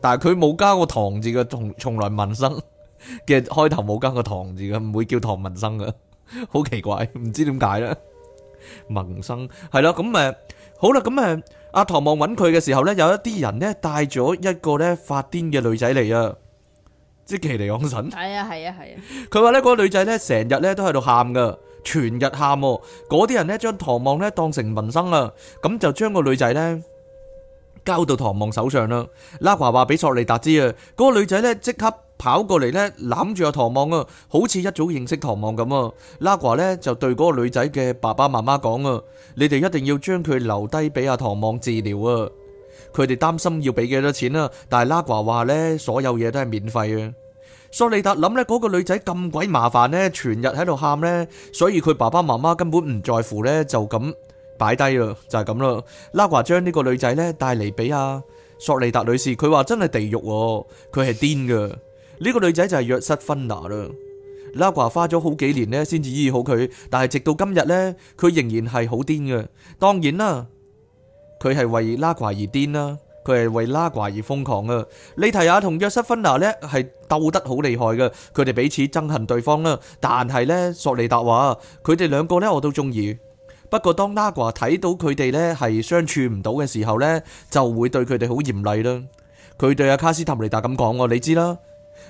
但係佢冇加過唐字嘅，從從來民生其實開頭冇加過唐字嘅，唔會叫唐民生嘅，好奇怪，唔知點解咧，民生係咯，咁誒，好啦，咁誒。嗯嗯。阿唐望揾佢嘅時候呢，有一啲人呢帶咗一個呢發癲嘅女仔嚟啊，即其嚟講神系啊係啊係啊，佢話呢嗰個女仔呢成日呢都喺度喊噶，全日喊，嗰啲人呢將唐望呢當成民生啦，咁就將個女仔呢交到唐望手上啦。拉華話俾索利達知啊，嗰、嗰個女仔呢即刻。跑過嚟咧，攬住阿唐望啊，好似一早認識唐望咁啊。拉瓜咧就對嗰個女仔嘅爸爸媽媽講啊，你哋一定要將佢留低俾阿唐望治療啊。佢哋擔心要俾幾多錢啊，但係拉瓜話咧，所有嘢都係免費啊。索利達諗咧，嗰個女仔咁鬼麻煩咧，全日喺度喊咧，所以佢爸爸媽媽根本唔在乎咧，就咁擺低咯，就係咁咯。拉瓜將呢個女仔咧帶嚟俾阿索利達女士，佢話真係地獄，佢係癲噶。呢個女仔就係約瑟芬娜啦，拉瓜花咗好幾年咧，先至醫好佢。但係直到今日呢，佢仍然係好癲嘅。當然啦，佢係為拉瓜而癲啦，佢係為拉瓜而瘋狂啊。利提亞同約瑟芬娜呢，係鬥得好厲害嘅，佢哋彼此憎恨對方啦。但係呢，索尼達話佢哋兩個呢，我都中意，不過當拉瓜睇到佢哋呢係相處唔到嘅時候呢，就會對佢哋好嚴厲啦。佢對阿卡斯塔尼達咁講，你知啦。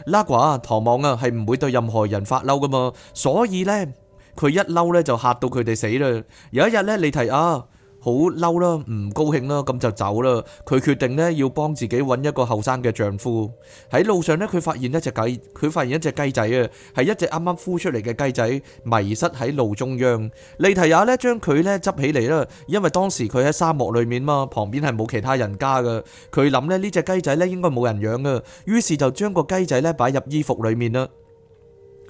拉掛唐望啊，係唔會對任何人發嬲噶嘛，所以咧，佢一嬲咧就嚇到佢哋死啦。有一日咧，你睇啊。好嬲啦，唔高興啦，咁就走啦。佢決定呢要幫自己揾一個後生嘅丈夫。喺路上呢，佢發現一隻雞，佢發現一隻雞仔啊，係一隻啱啱孵出嚟嘅雞仔，迷失喺路中央。莉提亞呢將佢呢執起嚟啦，因為當時佢喺沙漠裏面嘛，旁邊係冇其他人家噶。佢諗咧呢隻雞仔呢應該冇人養啊，於是就將個雞仔呢擺入衣服裏面啦。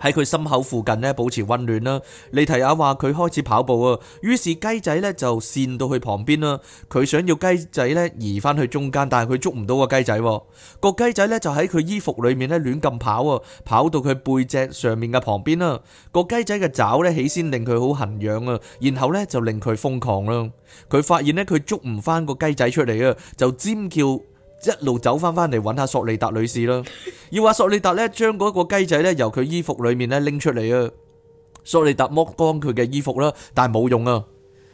喺佢心口附近咧，保持溫暖啦。利提亞話佢開始跑步啊，於是雞仔呢就跣到去旁邊啦。佢想要雞仔呢移翻去中間，但係佢捉唔到個雞仔。個雞仔呢就喺佢衣服裏面咧亂咁跑啊，跑到佢背脊上面嘅旁邊啦。個雞仔嘅爪呢起先令佢好痕癢啊，然後呢就令佢瘋狂啦。佢發現呢，佢捉唔翻個雞仔出嚟啊，就尖叫。一路走翻翻嚟揾下索利達女士啦，要話索利達呢將嗰個雞仔呢由佢衣服裏面呢拎出嚟啊！索利達剝光佢嘅衣服啦，但係冇用啊，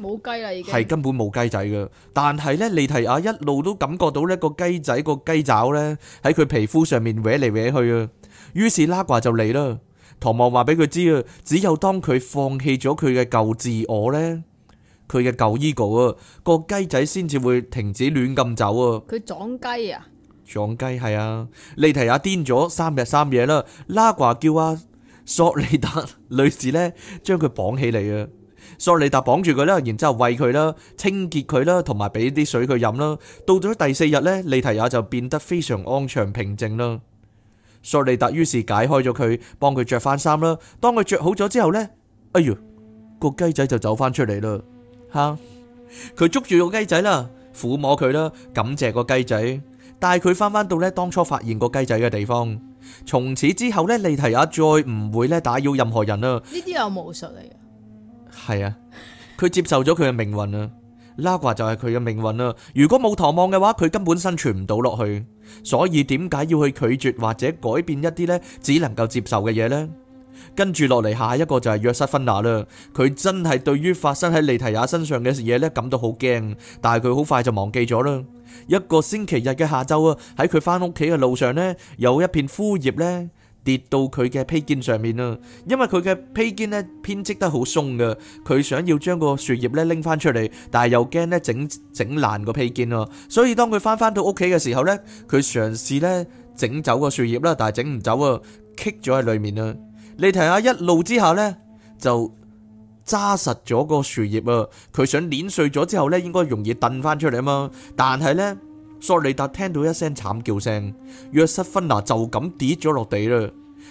冇雞啦，已經係根本冇雞仔噶。但係呢，利提亞一路都感覺到呢個雞仔個雞爪呢喺佢皮膚上面搲嚟搲去啊。於是拉掛就嚟啦，唐望話俾佢知啊，只有當佢放棄咗佢嘅舊自我呢。佢嘅舊衣稿啊，個雞仔先至會停止亂咁走啊。佢撞雞啊，撞雞係啊。利提亞癲咗三日三夜啦。拉華叫阿索利達女士咧，將佢綁起嚟啊。索利達綁住佢啦，然之後餵佢啦，清潔佢啦，同埋俾啲水佢飲啦。到咗第四日咧，利提亞就變得非常安詳平靜啦。索利達於是解開咗佢，幫佢著翻衫啦。當佢著好咗之後咧，哎唷個雞仔就走翻出嚟啦。吓，佢捉住個雞仔啦，撫摸佢啦，感謝個雞仔，帶佢翻翻到咧當初發現個雞仔嘅地方。從此之後咧，利提亞再唔會咧打擾任何人啦。呢啲有巫術嚟嘅，係啊，佢接受咗佢嘅命運啊，拉華就係佢嘅命運啊。如果冇逃亡嘅話，佢根本生存唔到落去。所以點解要去拒絕或者改變一啲咧，只能夠接受嘅嘢咧？跟住落嚟，下，下一個就係約瑟芬娜啦。佢真係對於發生喺利提亞身上嘅嘢咧感到好驚，但係佢好快就忘記咗啦。一個星期日嘅下晝啊，喺佢翻屋企嘅路上呢，有一片枯葉咧跌到佢嘅披肩上面啊。因為佢嘅披肩呢編織得好鬆㗎，佢想要將個樹葉咧拎翻出嚟，但係又驚咧整整爛個披肩啊。所以當佢翻翻到屋企嘅時候呢，佢嘗試咧整走個樹葉啦，但係整唔走啊，棘咗喺裏面啊。你睇下一怒之下呢，就揸實咗個樹葉啊！佢想碾碎咗之後呢，應該容易掟翻出嚟啊嘛！但係呢，索利達聽到一聲慘叫聲，約瑟芬娜就咁跌咗落地啦。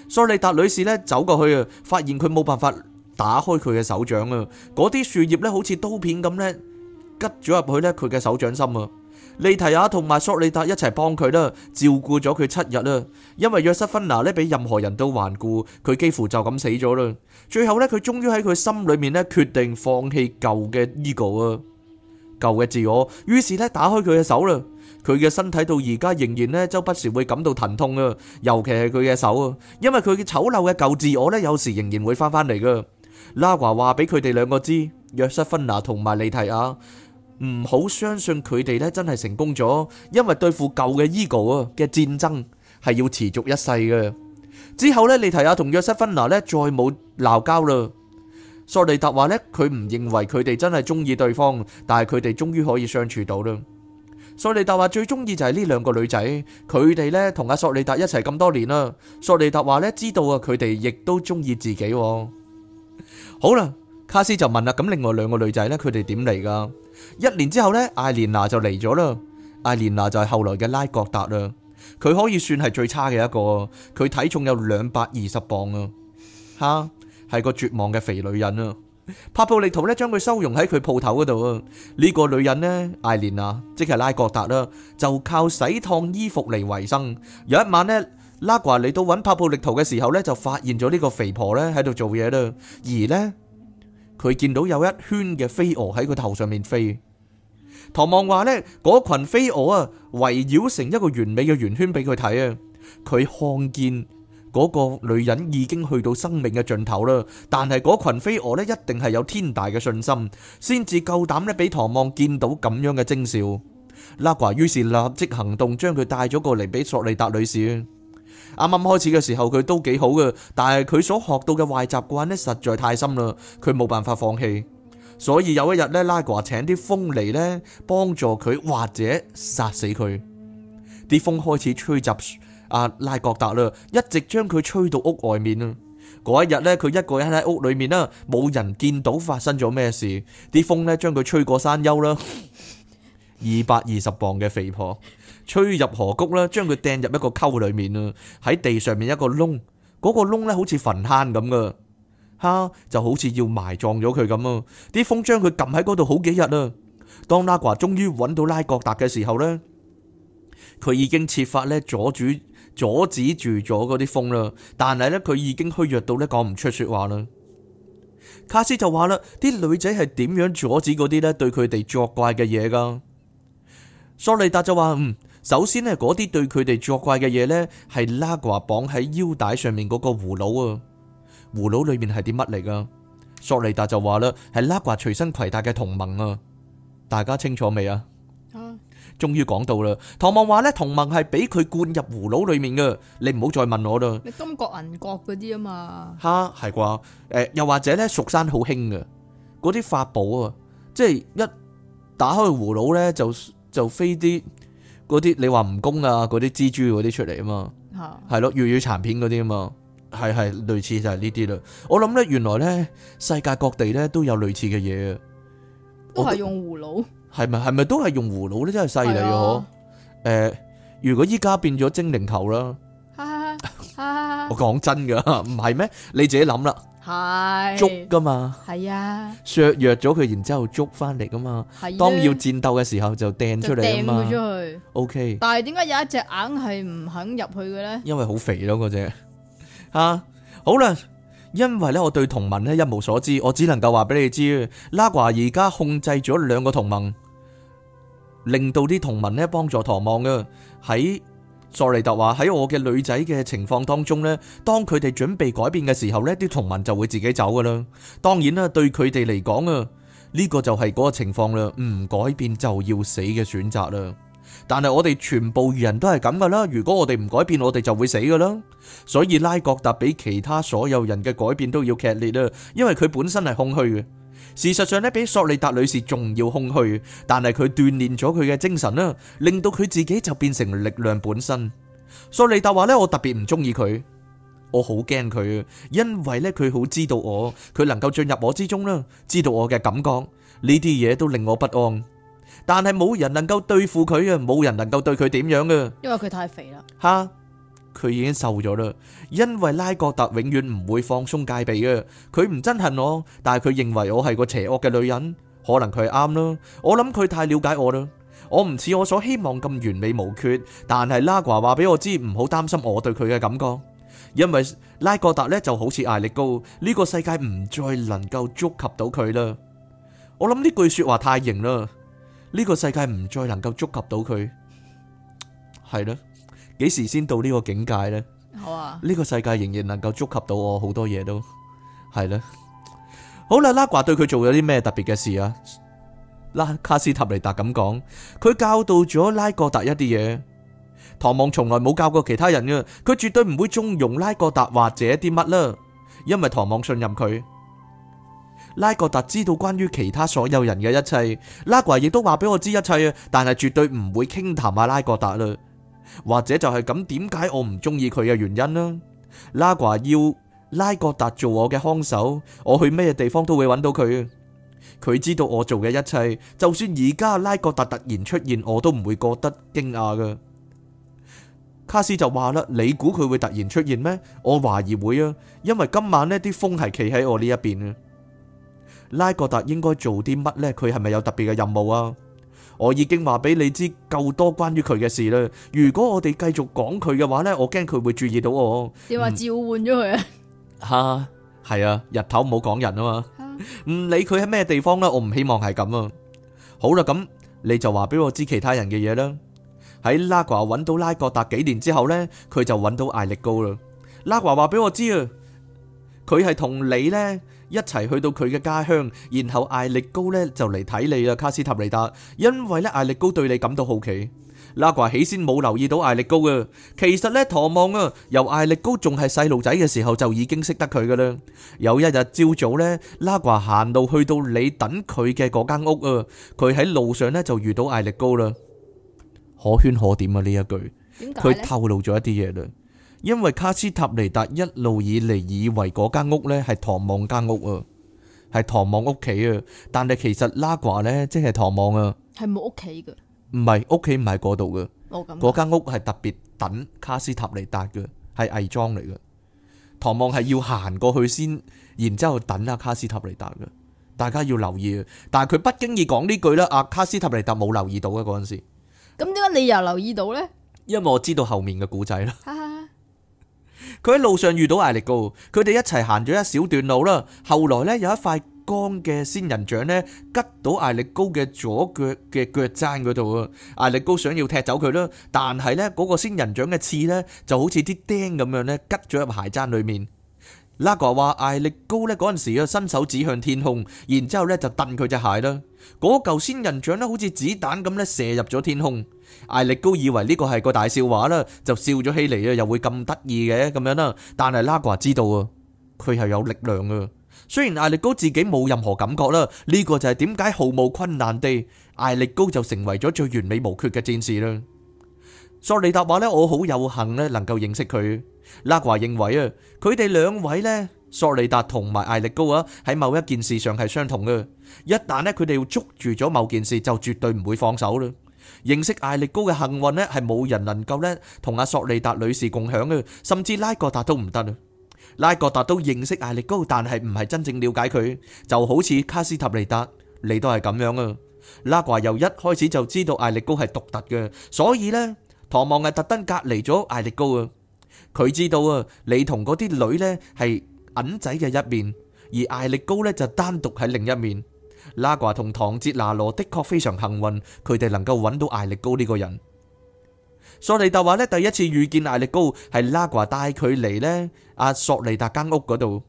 索利達女士呢，走過去啊，發現佢冇辦法打開佢嘅手掌啊！嗰啲樹葉呢，好似刀片咁呢，吉咗入去呢，佢嘅手掌心啊！利提亞同埋索利達一齊幫佢啦，照顧咗佢七日啦。因為約瑟芬娜咧，比任何人都頑固，佢幾乎就咁死咗啦。最後咧，佢終於喺佢心裏面咧決定放棄舊嘅 ego 啊，舊嘅自我。於是咧，打開佢嘅手啦，佢嘅身體到而家仍然咧，周不時會感到疼痛啊。尤其係佢嘅手啊，因為佢嘅醜陋嘅舊自我咧，有時仍然會翻返嚟噶。拉華話俾佢哋兩個知，約瑟芬娜同埋利提亞。唔好相信佢哋咧，真係成功咗，因為對付舊嘅 Eagle 嘅戰爭係要持續一世嘅。之後咧，莉提亞同約瑟芬娜咧，再冇鬧交啦。索利達話咧，佢唔認為佢哋真係中意對方，但係佢哋終於可以相處到啦。索利達話最中意就係呢兩個女仔，佢哋咧同阿索利達一齊咁多年啦。索利達話咧，知道啊，佢哋亦都中意自己。好啦，卡斯就問啦，咁另外兩個女仔咧，佢哋點嚟噶？一年之後呢，艾蓮娜就嚟咗啦。艾蓮娜就係後來嘅拉國達啦，佢可以算係最差嘅一個，佢體重有兩百二十磅啊，吓係個絕望嘅肥女人啊。帕布力圖呢，將佢收容喺佢鋪頭嗰度啊。呢個女人呢，艾蓮娜即係拉國達啦，就靠洗燙衣服嚟為生。有一晚呢，拉瓜嚟到搵帕布力圖嘅時候呢，就發現咗呢個肥婆呢喺度做嘢啦，而呢。佢見到有一圈嘅飛蛾喺佢頭上面飛。唐望話咧，嗰羣飛蛾啊，圍繞成一個完美嘅圓圈俾佢睇啊。佢看見嗰個女人已經去到生命嘅盡頭啦，但係嗰羣飛蛾咧一定係有天大嘅信心，先至夠膽咧俾唐望見到咁樣嘅徵兆。拉瓜於是立即行動，將佢帶咗過嚟俾索利達女士。啱啱開始嘅時候佢都幾好嘅，但係佢所學到嘅壞習慣呢，實在太深啦，佢冇辦法放棄，所以有一日呢，拉哥請啲風嚟呢，幫助佢或者殺死佢，啲風開始吹襲阿、啊、拉格達啦，一直將佢吹到屋外面啦。嗰一日呢，佢一個人喺屋裏面啦，冇人見到發生咗咩事，啲風呢，將佢吹過山丘啦。 *laughs* 二百二十磅嘅肥婆，吹入河谷咧，將佢掟入一個溝裏面啊！喺地上面一個窿，嗰個窿咧好似墳坑咁噶，哈就好似要埋葬咗佢咁啊！啲風將佢撳喺嗰度好幾日啊！當拉華終於揾到拉葛達嘅時候咧，佢已經設法咧阻住阻止住咗嗰啲風啦，但係咧佢已經虛弱到咧講唔出說話啦。卡斯就話啦，啲女仔係點樣阻止嗰啲咧對佢哋作怪嘅嘢噶？索利達就話：嗯，首先咧，嗰啲對佢哋作怪嘅嘢咧，係拉瓜綁喺腰帶上面嗰個葫蘆啊。葫蘆裏面係啲乜嚟噶？索利達就話啦，係拉瓜隨身攜帶嘅同盟啊。大家清楚未啊？啊，終於講到啦。唐望話咧，同盟係俾佢灌入葫蘆裏面噶。你唔好再問我啦。你金國銀國嗰啲啊嘛，哈係啩？誒，又或者咧，蜀山好興嘅嗰啲法寶啊，即係一打開葫蘆咧就。就飛啲嗰啲你話蜈蚣啊，嗰啲蜘蛛嗰啲出嚟啊嘛，係咯粵語殘片嗰啲啊嘛，係係類似就係呢啲啦。我諗咧原來咧世界各地咧都有類似嘅嘢啊。都係用葫蘆，係咪係咪都係用葫蘆咧？真係犀利嗬！誒的、啊，如果依家變咗精靈球啦，哈哈哈哈 *laughs* 我講真噶，唔係咩？你自己諗啦。係是捉噶嘛，係啊，削弱咗佢，然之後捉翻嚟噶嘛。啊、當要戰鬥嘅時候就掟出嚟啊嘛。O K。Okay, 但係點解有一隻硬係唔肯入去嘅咧？因為好肥咯，啊，嗰隻。吓，好啦。因為咧，我對同盟咧一無所知，我只能夠話俾你知，拉華而家控制咗兩個同盟，令到啲同盟咧幫助唐望嘅喺。索尼特話喺我嘅女仔嘅情況當中，呢當佢哋準備改變嘅時候，呢啲同盟就會自己走噶啦。當然啦，對佢哋嚟講啊，呢、呢個就係嗰個情況啦，唔改變就要死嘅選擇啦。但係我哋全部人都係咁噶啦，如果我哋唔改變，我哋就會死噶啦。所以拉各特比其他所有人嘅改變都要劇烈啦，因為佢本身係空虛嘅。事實上咧，比索利達女士仲要空虛，但係佢鍛煉咗佢嘅精神啦，令到佢自己就變成力量本身。索利達話呢，我特別唔中意佢，我好驚佢，因為呢佢好知道我，佢能夠進入我之中啦，知道我嘅感覺，呢啲嘢都令我不安。但係冇人能夠對付佢啊，冇人能夠對佢點樣㗎。因為佢太肥啦。吓。 *laughs* 佢已經瘦咗啦，因為拉格達永遠唔會放鬆戒備啊！佢唔憎恨我，但係佢認為我係個邪惡嘅女人，可能佢啱啦。我諗佢太了解我啦，我唔似我所希望咁完美無缺。但係拉華話俾我知唔好擔心我對佢嘅感覺，因為拉格達呢就好似艾力高，呢個世界唔再能夠觸及到佢啦。我諗呢句說話太型啦，呢個世界唔再能夠觸及到佢，係啦。幾時先到呢個境界呢？好啊。呢個世界仍然能夠觸及到我，好多嘢都係啦。好啦，拉瓜對佢做咗啲咩特別嘅事啊？拉卡斯塔尼達咁講，佢教導咗拉各達一啲嘢。唐望從來冇教過其他人噶，佢絕對唔會縱容拉各達或者啲乜啦。因為唐望信任佢，拉各達知道關於其他所有人嘅一切。拉瓜亦都話俾我知一切啊，但係絕對唔會傾談阿拉各達嘞。或者就係咁，點解我唔中意佢嘅原因呢？拉掛要拉國達做我嘅看守，我去咩地方都會揾到佢。佢知道我做嘅一切，就算而家拉國達突然出現，我都唔會覺得驚訝噶。卡斯就話啦，你估佢會突然出現咩？我懷疑會啊，因為今晚呢啲風係企喺我呢一邊啊。拉國達應該做啲乜呢？佢係咪有特別嘅任務啊？我已經話俾你知夠多關於佢嘅事啦。如果我哋繼續講佢嘅話咧，我驚佢會注意到我。你話召喚咗佢啊？吓，係啊，日頭唔好講人啊嘛，唔理佢喺咩地方啦，我唔希望係咁啊。好啦，咁你就話俾我知其他人嘅嘢啦。喺拉華揾到拉格達幾年之後咧，佢就揾到艾力高啦。拉華話俾我知啊，佢係同你咧。一齊去到佢嘅家鄉，然後艾力高呢就嚟睇你啦，卡斯塔尼達，因為呢，艾力高對你感到好奇。拉掛起先冇留意到艾力高啊，其實呢，唐望啊，由艾力高仲係細路仔嘅時候就已經識得佢噶啦。有一日朝早呢，拉掛行路去到你等佢嘅嗰間屋啊，佢喺路上呢就遇到艾力高啦。可圈可點啊，呢一句，佢透露咗一啲嘢嘞。因為卡斯塔尼達一路以嚟以為嗰間屋呢係唐望間屋啊，係唐望屋企啊，但係其實拉掛呢，即係唐望啊，係冇屋企噶，唔係，屋企唔係嗰度噶，嗰間屋係特別等卡斯塔尼達嘅，係偽裝嚟嘅，唐望係要行過去先，然之後等阿卡斯塔尼達嘅，大家要留意啊，但係佢不經意講呢句啦，阿卡斯塔尼達冇留意到啊嗰陣時，咁點解你又留意到呢？因為我知道後面嘅故仔啦。佢喺路上遇到艾力高，佢哋一齊行咗一小段路啦。後來呢，有一塊乾嘅仙人掌呢，吉到艾力高嘅左腳嘅腳踭嗰度啊！艾力高想要踢走佢啦，但係呢，嗰個仙人掌嘅刺呢，就好似啲釘咁樣呢，吉咗入鞋踭裏面。拉格話艾力高呢，嗰陣時啊，伸手指向天空，然之後咧就蹬佢隻鞋啦。嗰嚿仙人掌呢，好似子彈咁呢射入咗天空。艾力高以為呢個係個大笑話啦，就笑咗起嚟啊，又會咁得意嘅咁樣啦。但係拉瓜知道啊，佢係有力量啊。雖然艾力高自己冇任何感覺啦，呢個就係點解毫無困難地艾力高就成為咗最完美無缺嘅戰士啦。索利達話呢，我好有幸呢能夠認識佢。拉瓜認為啊，佢哋兩位呢，索利達同埋艾力高啊，喺某一件事上係相同嘅。一旦呢，佢哋要捉住咗某件事，就絕對唔會放手啦。認識艾力高嘅幸運咧，係冇人能夠咧同阿索利達女士共享嘅，甚至拉各達都唔得啊！拉各達都認識艾力高，但係唔係真正了解佢，就好似卡斯塔尼達，你都係咁樣啊！拉華由一開始就知道艾力高係獨特嘅，所以咧，唐望係特登隔離咗艾力高啊！佢知道啊，你同嗰啲女咧係銀仔嘅一面，而艾力高咧就單獨喺另一面。拉瓜同唐哲拿羅的確非常幸運，佢哋能夠揾到艾力高呢個人。索尼達話咧，第一次遇見艾力高係拉瓜帶佢嚟呢阿索尼達間屋嗰度。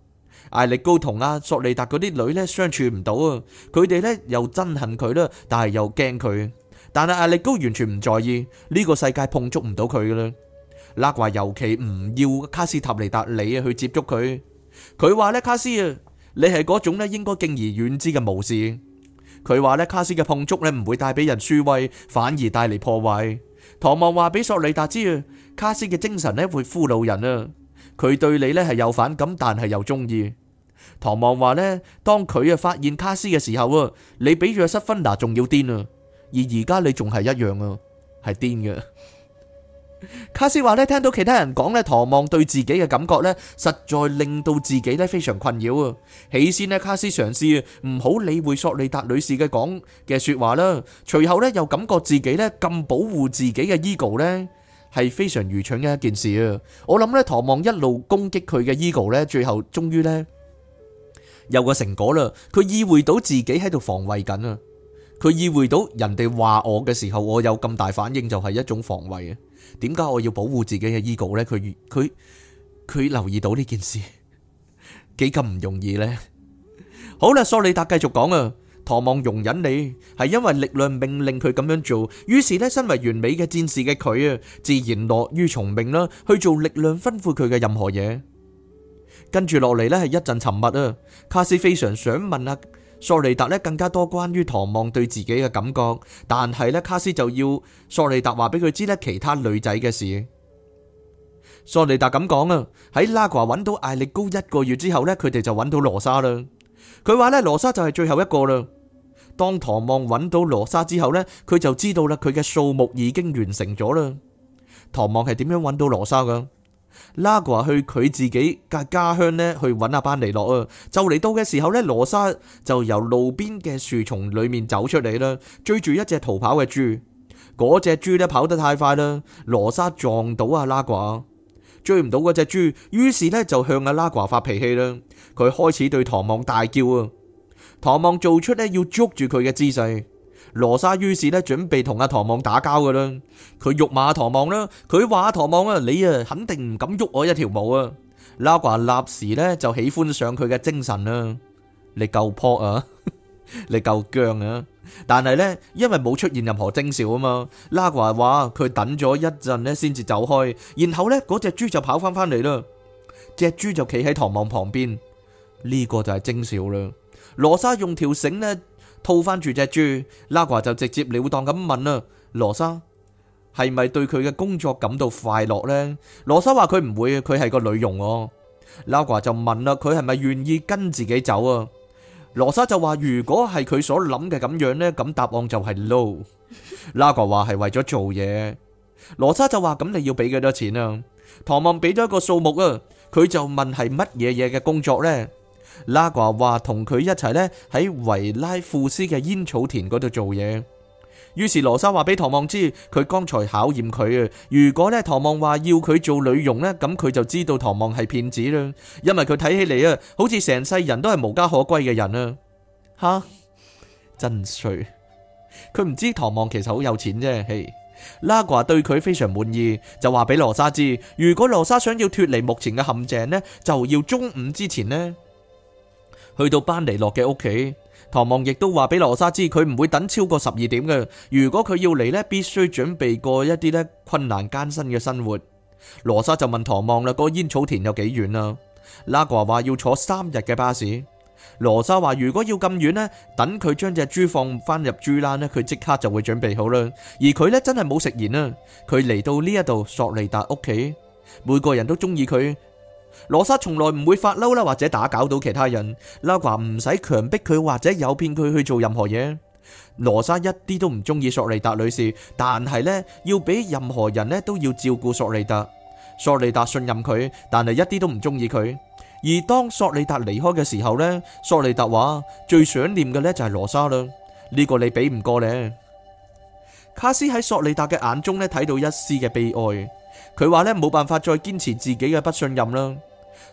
艾力高同阿索尼達嗰啲女呢相處唔到啊，佢哋呢又憎恨佢啦，但係又驚佢。但係艾力高完全唔在意，呢個世界碰觸唔到佢嘅啦。拉瓜尤其唔要卡斯塔尼達里啊去接觸佢，佢話呢卡斯啊。你係嗰種咧應該敬而遠之嘅巫士，佢話咧卡斯嘅碰觸咧唔會帶俾人舒慰，反而帶嚟破壞。唐望話俾索利達知，卡斯嘅精神咧會俘虜人啊！佢對你咧係有反感，但係又中意。唐望話咧，當佢啊發現卡斯嘅時候啊，你比住約瑟芬娜仲要癲啊！而而家你仲係一樣啊，係癲嘅。卡斯話咧，聽到其他人講咧，唐望對自己嘅感覺咧，實在令到自己咧非常困擾啊。起先呢，卡斯嘗試唔好理會索利達女士嘅講嘅說話啦，隨後呢又感覺自己咧咁保護自己嘅 ego 呢，係非常愚蠢嘅一件事啊。我諗呢，唐望一路攻擊佢嘅 ego 呢，最後終於呢有個成果啦。佢意會到自己喺度防衛緊啊，佢意會到人哋話我嘅時候，我有咁大反應就係一種防衛啊。點解我要保護自己嘅 ego 呢？佢佢佢留意到呢件事幾咁唔容易呢？好啦，索里達繼續講啊。唐望容忍你係因為力量命令佢咁樣做，於是呢，身為完美嘅戰士嘅佢啊，自然樂於從命啦，去做力量吩咐佢嘅任何嘢。跟住落嚟呢係一陣沉默啊。卡斯非常想問啊。索尼達咧更加多關於唐望對自己嘅感覺，但係咧卡斯就要索尼達話俾佢知咧其他女仔嘅事。索尼達咁講啊，喺拉瓜揾到艾力高一個月之後呢，佢哋就揾到羅莎啦。佢話呢，羅莎就係最後一個啦。當唐望揾到羅莎之後呢，佢就知道啦，佢嘅數目已經完成咗啦。唐望係點樣揾到羅莎噶？拉瓜去佢自己嘅家鄉呢，去揾阿班尼諾啊！就嚟到嘅時候呢，羅莎就由路邊嘅樹叢裏面走出嚟啦，追住一隻逃跑嘅豬。嗰隻豬呢，跑得太快啦，羅莎撞到阿拉瓜，追唔到嗰隻豬，於是呢就向阿拉瓜發脾氣啦。佢開始對唐望大叫啊！唐望做出呢要捉住佢嘅姿勢。羅莎於是咧，準備同阿唐望打交噶啦，佢辱罵阿唐望啦，佢話阿唐望啊，你啊肯定唔敢喐我一條毛啊！拉瓜立時咧，就喜歡上佢嘅精神啦，你夠搏啊， *laughs* 你夠僵啊！但係咧，因為冇出現任何徵兆啊嘛，拉瓜話佢等咗一陣咧先至走開，然後咧，嗰隻豬就跑翻翻嚟啦，隻豬就企喺唐望旁邊，呢、這個就係徵兆啦。羅莎用條繩咧。套翻住隻豬，拉華就直接了當咁問啦：羅莎係咪對佢嘅工作感到快樂呢？」「羅莎話佢唔會，佢係個女傭。拉華就問啦：「佢係咪願意跟自己走啊？羅莎就話：如果係佢所諗嘅咁樣呢，咁答案就係 No。拉華話係為咗做嘢，羅莎就話：咁你要俾幾多錢啊？唐望俾咗一個數目啊，佢就問係乜嘢嘢嘅工作呢？」拉瓜話同佢一齊呢，喺維拉庫斯嘅煙草田嗰度做嘢。於是羅莎話俾唐望知佢剛才考驗佢啊。如果咧唐望話要佢做女傭呢，咁佢就知道唐望係騙子啦。因為佢睇起嚟啊，好似成世人都係無家可歸嘅人啊。吓，真衰！佢唔知唐望其實好有錢啫。嘿。拉瓜對佢非常滿意，就話俾羅莎知，如果羅莎想要脫離目前嘅陷阱呢，就要中午之前呢。去到班尼洛嘅屋企，唐望亦都話俾羅莎知佢唔會等超過十二點嘅。如果佢要嚟呢，必須準備過一啲咧困難艱辛嘅生活。羅莎就問唐望啦：個煙草田有幾遠啊？拉瓜話要坐三日嘅巴士。羅莎話如果要咁遠呢，等佢將隻豬放翻入豬欄呢，佢即刻就會準備好啦。而佢呢，真係冇食言啊。佢嚟到呢一度索利達屋企，每個人都中意佢。羅莎從來唔會發嬲啦，或者打攪到其他人。拉華唔使強迫佢或者誘騙佢去做任何嘢。羅莎一啲都唔中意索利達女士，但係呢，要俾任何人呢都要照顧索利達。索利達信任佢，但係一啲都唔中意佢。而當索利達離開嘅時候呢，索利達話：「最想念嘅呢就係羅莎啦。呢個你比唔過你。」卡斯喺索利達嘅眼中呢睇到一絲嘅悲哀。佢話呢冇辦法再堅持自己嘅不信任啦。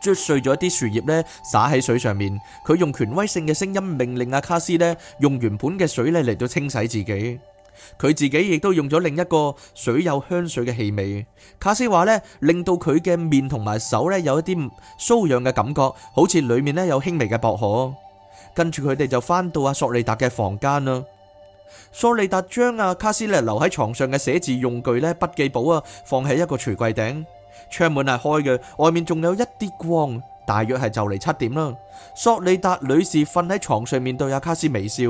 捽碎咗啲樹葉呢，灑喺水上面。佢用權威性嘅聲音命令阿卡斯呢，用原本嘅水呢嚟到清洗自己。佢自己亦都用咗另一個水有香水嘅氣味。卡斯話呢，令到佢嘅面同埋手呢有一啲瘙癢嘅感覺，好似裏面呢有輕微嘅薄荷。跟住佢哋就返到阿索利達嘅房間啦。索利達將阿卡斯呢留喺床上嘅寫字用具呢，筆記簿啊，放喺一個櫥櫃頂。窗門係開嘅，外面仲有一啲光，大約係就嚟七點啦。索利達女士瞓喺床上面，對阿卡斯微笑。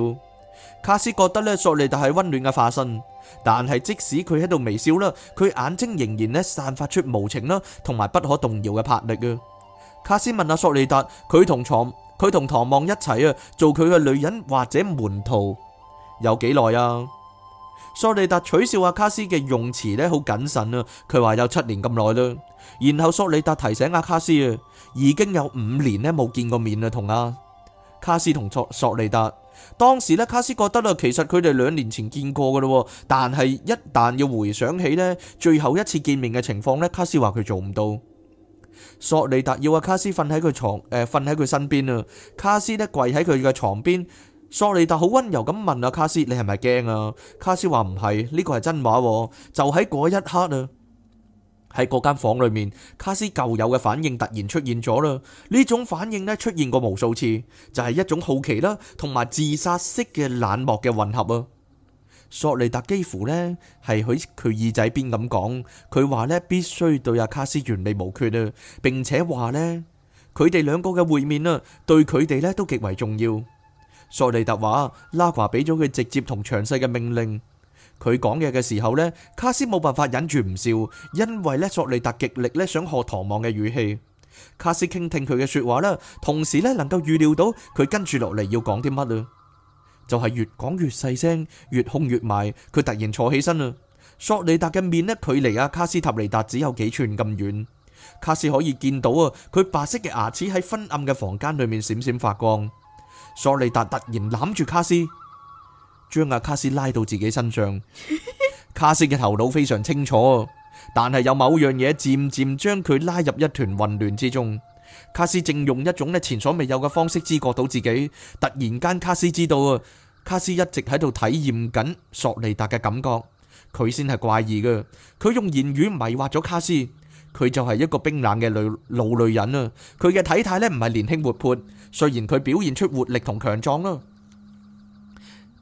卡斯覺得呢，索利達係温暖嘅化身，但係即使佢喺度微笑啦，佢眼睛仍然呢散發出無情啦，同埋不可動搖嘅魄力啊。卡斯問阿索利達：佢同床佢同唐望一齊啊，做佢嘅女人或者門徒有幾耐啊？索利達取笑阿、啊、卡斯嘅用詞呢，好謹慎啊。佢話有七年咁耐啦。然後索利達提醒阿卡斯啊，已經有五年咧冇見過面啦，同阿卡斯同索索利達。當時咧，卡斯覺得啦，其實佢哋兩年前見過噶啦，但係一旦要回想起呢，最後一次見面嘅情況呢，卡斯話佢做唔到。索利達要阿卡斯瞓喺佢床，誒瞓喺佢身邊啊。卡斯呢跪喺佢嘅床邊，索利達好温柔咁問阿卡斯：你係咪驚啊？卡斯話唔係，呢個係真話。就喺嗰一刻啊。喺嗰間房裏面，卡斯舊有嘅反應突然出現咗啦。呢種反應咧出現過無數次，就係一種好奇啦，同埋自殺式嘅冷漠嘅混合。索尼達幾乎咧係喺佢耳仔邊咁講，佢話咧必須對阿卡斯完美無缺啊，並且話咧佢哋兩個嘅會面啊，對佢哋咧都極為重要。索尼達話，拉華俾咗佢直接同詳細嘅命令。佢講嘢嘅時候呢，卡斯冇辦法忍住唔笑，因為呢，索利達極力呢想學唐望嘅語氣。卡斯傾聽佢嘅說話啦，同時呢能夠預料到佢跟住落嚟要講啲乜啦，就係、是、越講越細聲，越控越埋。佢突然坐起身啦，索利達嘅面呢，距離阿卡斯塔尼達只有幾寸咁遠，卡斯可以見到啊佢白色嘅牙齒喺昏暗嘅房間裏面閃閃發光。索利達突然攬住卡斯，將阿卡斯拉到自己身上，卡斯嘅頭腦非常清楚，但係有某樣嘢漸漸將佢拉入一團混亂之中。卡斯正用一種咧前所未有嘅方式知覺到自己。突然間，卡斯知道啊，卡斯一直喺度體驗緊索利達嘅感覺，佢先係怪異嘅。佢用言語迷惑咗卡斯，佢就係一個冰冷嘅女老女人啊。佢嘅體態咧唔係年輕活潑，雖然佢表現出活力同強壯啦。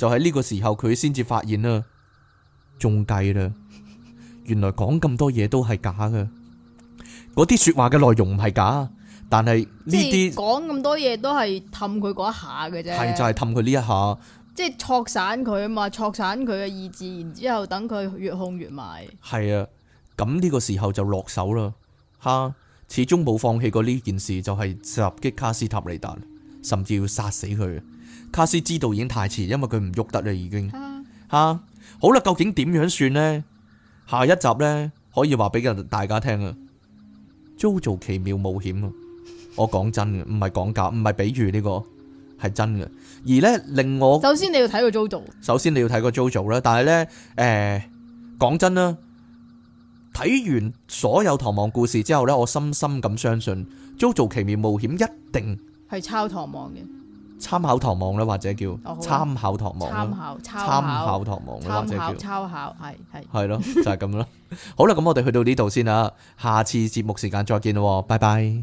就喺呢個時候，佢先至發現啦，中計啦！原來講咁多嘢都係假嘅。嗰啲說話嘅內容唔係假，但係呢啲講咁多嘢都係氹佢嗰一下嘅啫，係就係氹佢呢一下，即係挫散佢啊嘛，挫散佢嘅意志，然之後等佢越控越埋。係啊，咁呢個時候就落手啦，哈，始終冇放棄過呢件事，就係襲擊卡斯塔尼達，甚至要殺死佢。卡斯知道已經太遲，因為佢唔喐得啦，已經吓、啊啊。好啦，究竟點樣算呢？下一集呢，可以話俾大家聽啊！Jojo 奇妙冒險啊，我講真嘅，唔係講假，唔係比喻呢、這個係真嘅。而呢，令我首先你要睇個 Jojo 首先你要睇個 Jojo 啦。但係呢，誒、呃，講真啦，睇完所有唐望故事之後呢，我深深咁相信 Jojo 奇妙冒險一定係抄唐望嘅。參考唐望咧，或者叫、哦、參考唐望啦，參考參考唐望啦，參考或者叫係係係咯，就係咁咯。 *laughs* 好啦，咁我哋去到呢度先啦，下次節目時間再見咯，拜拜。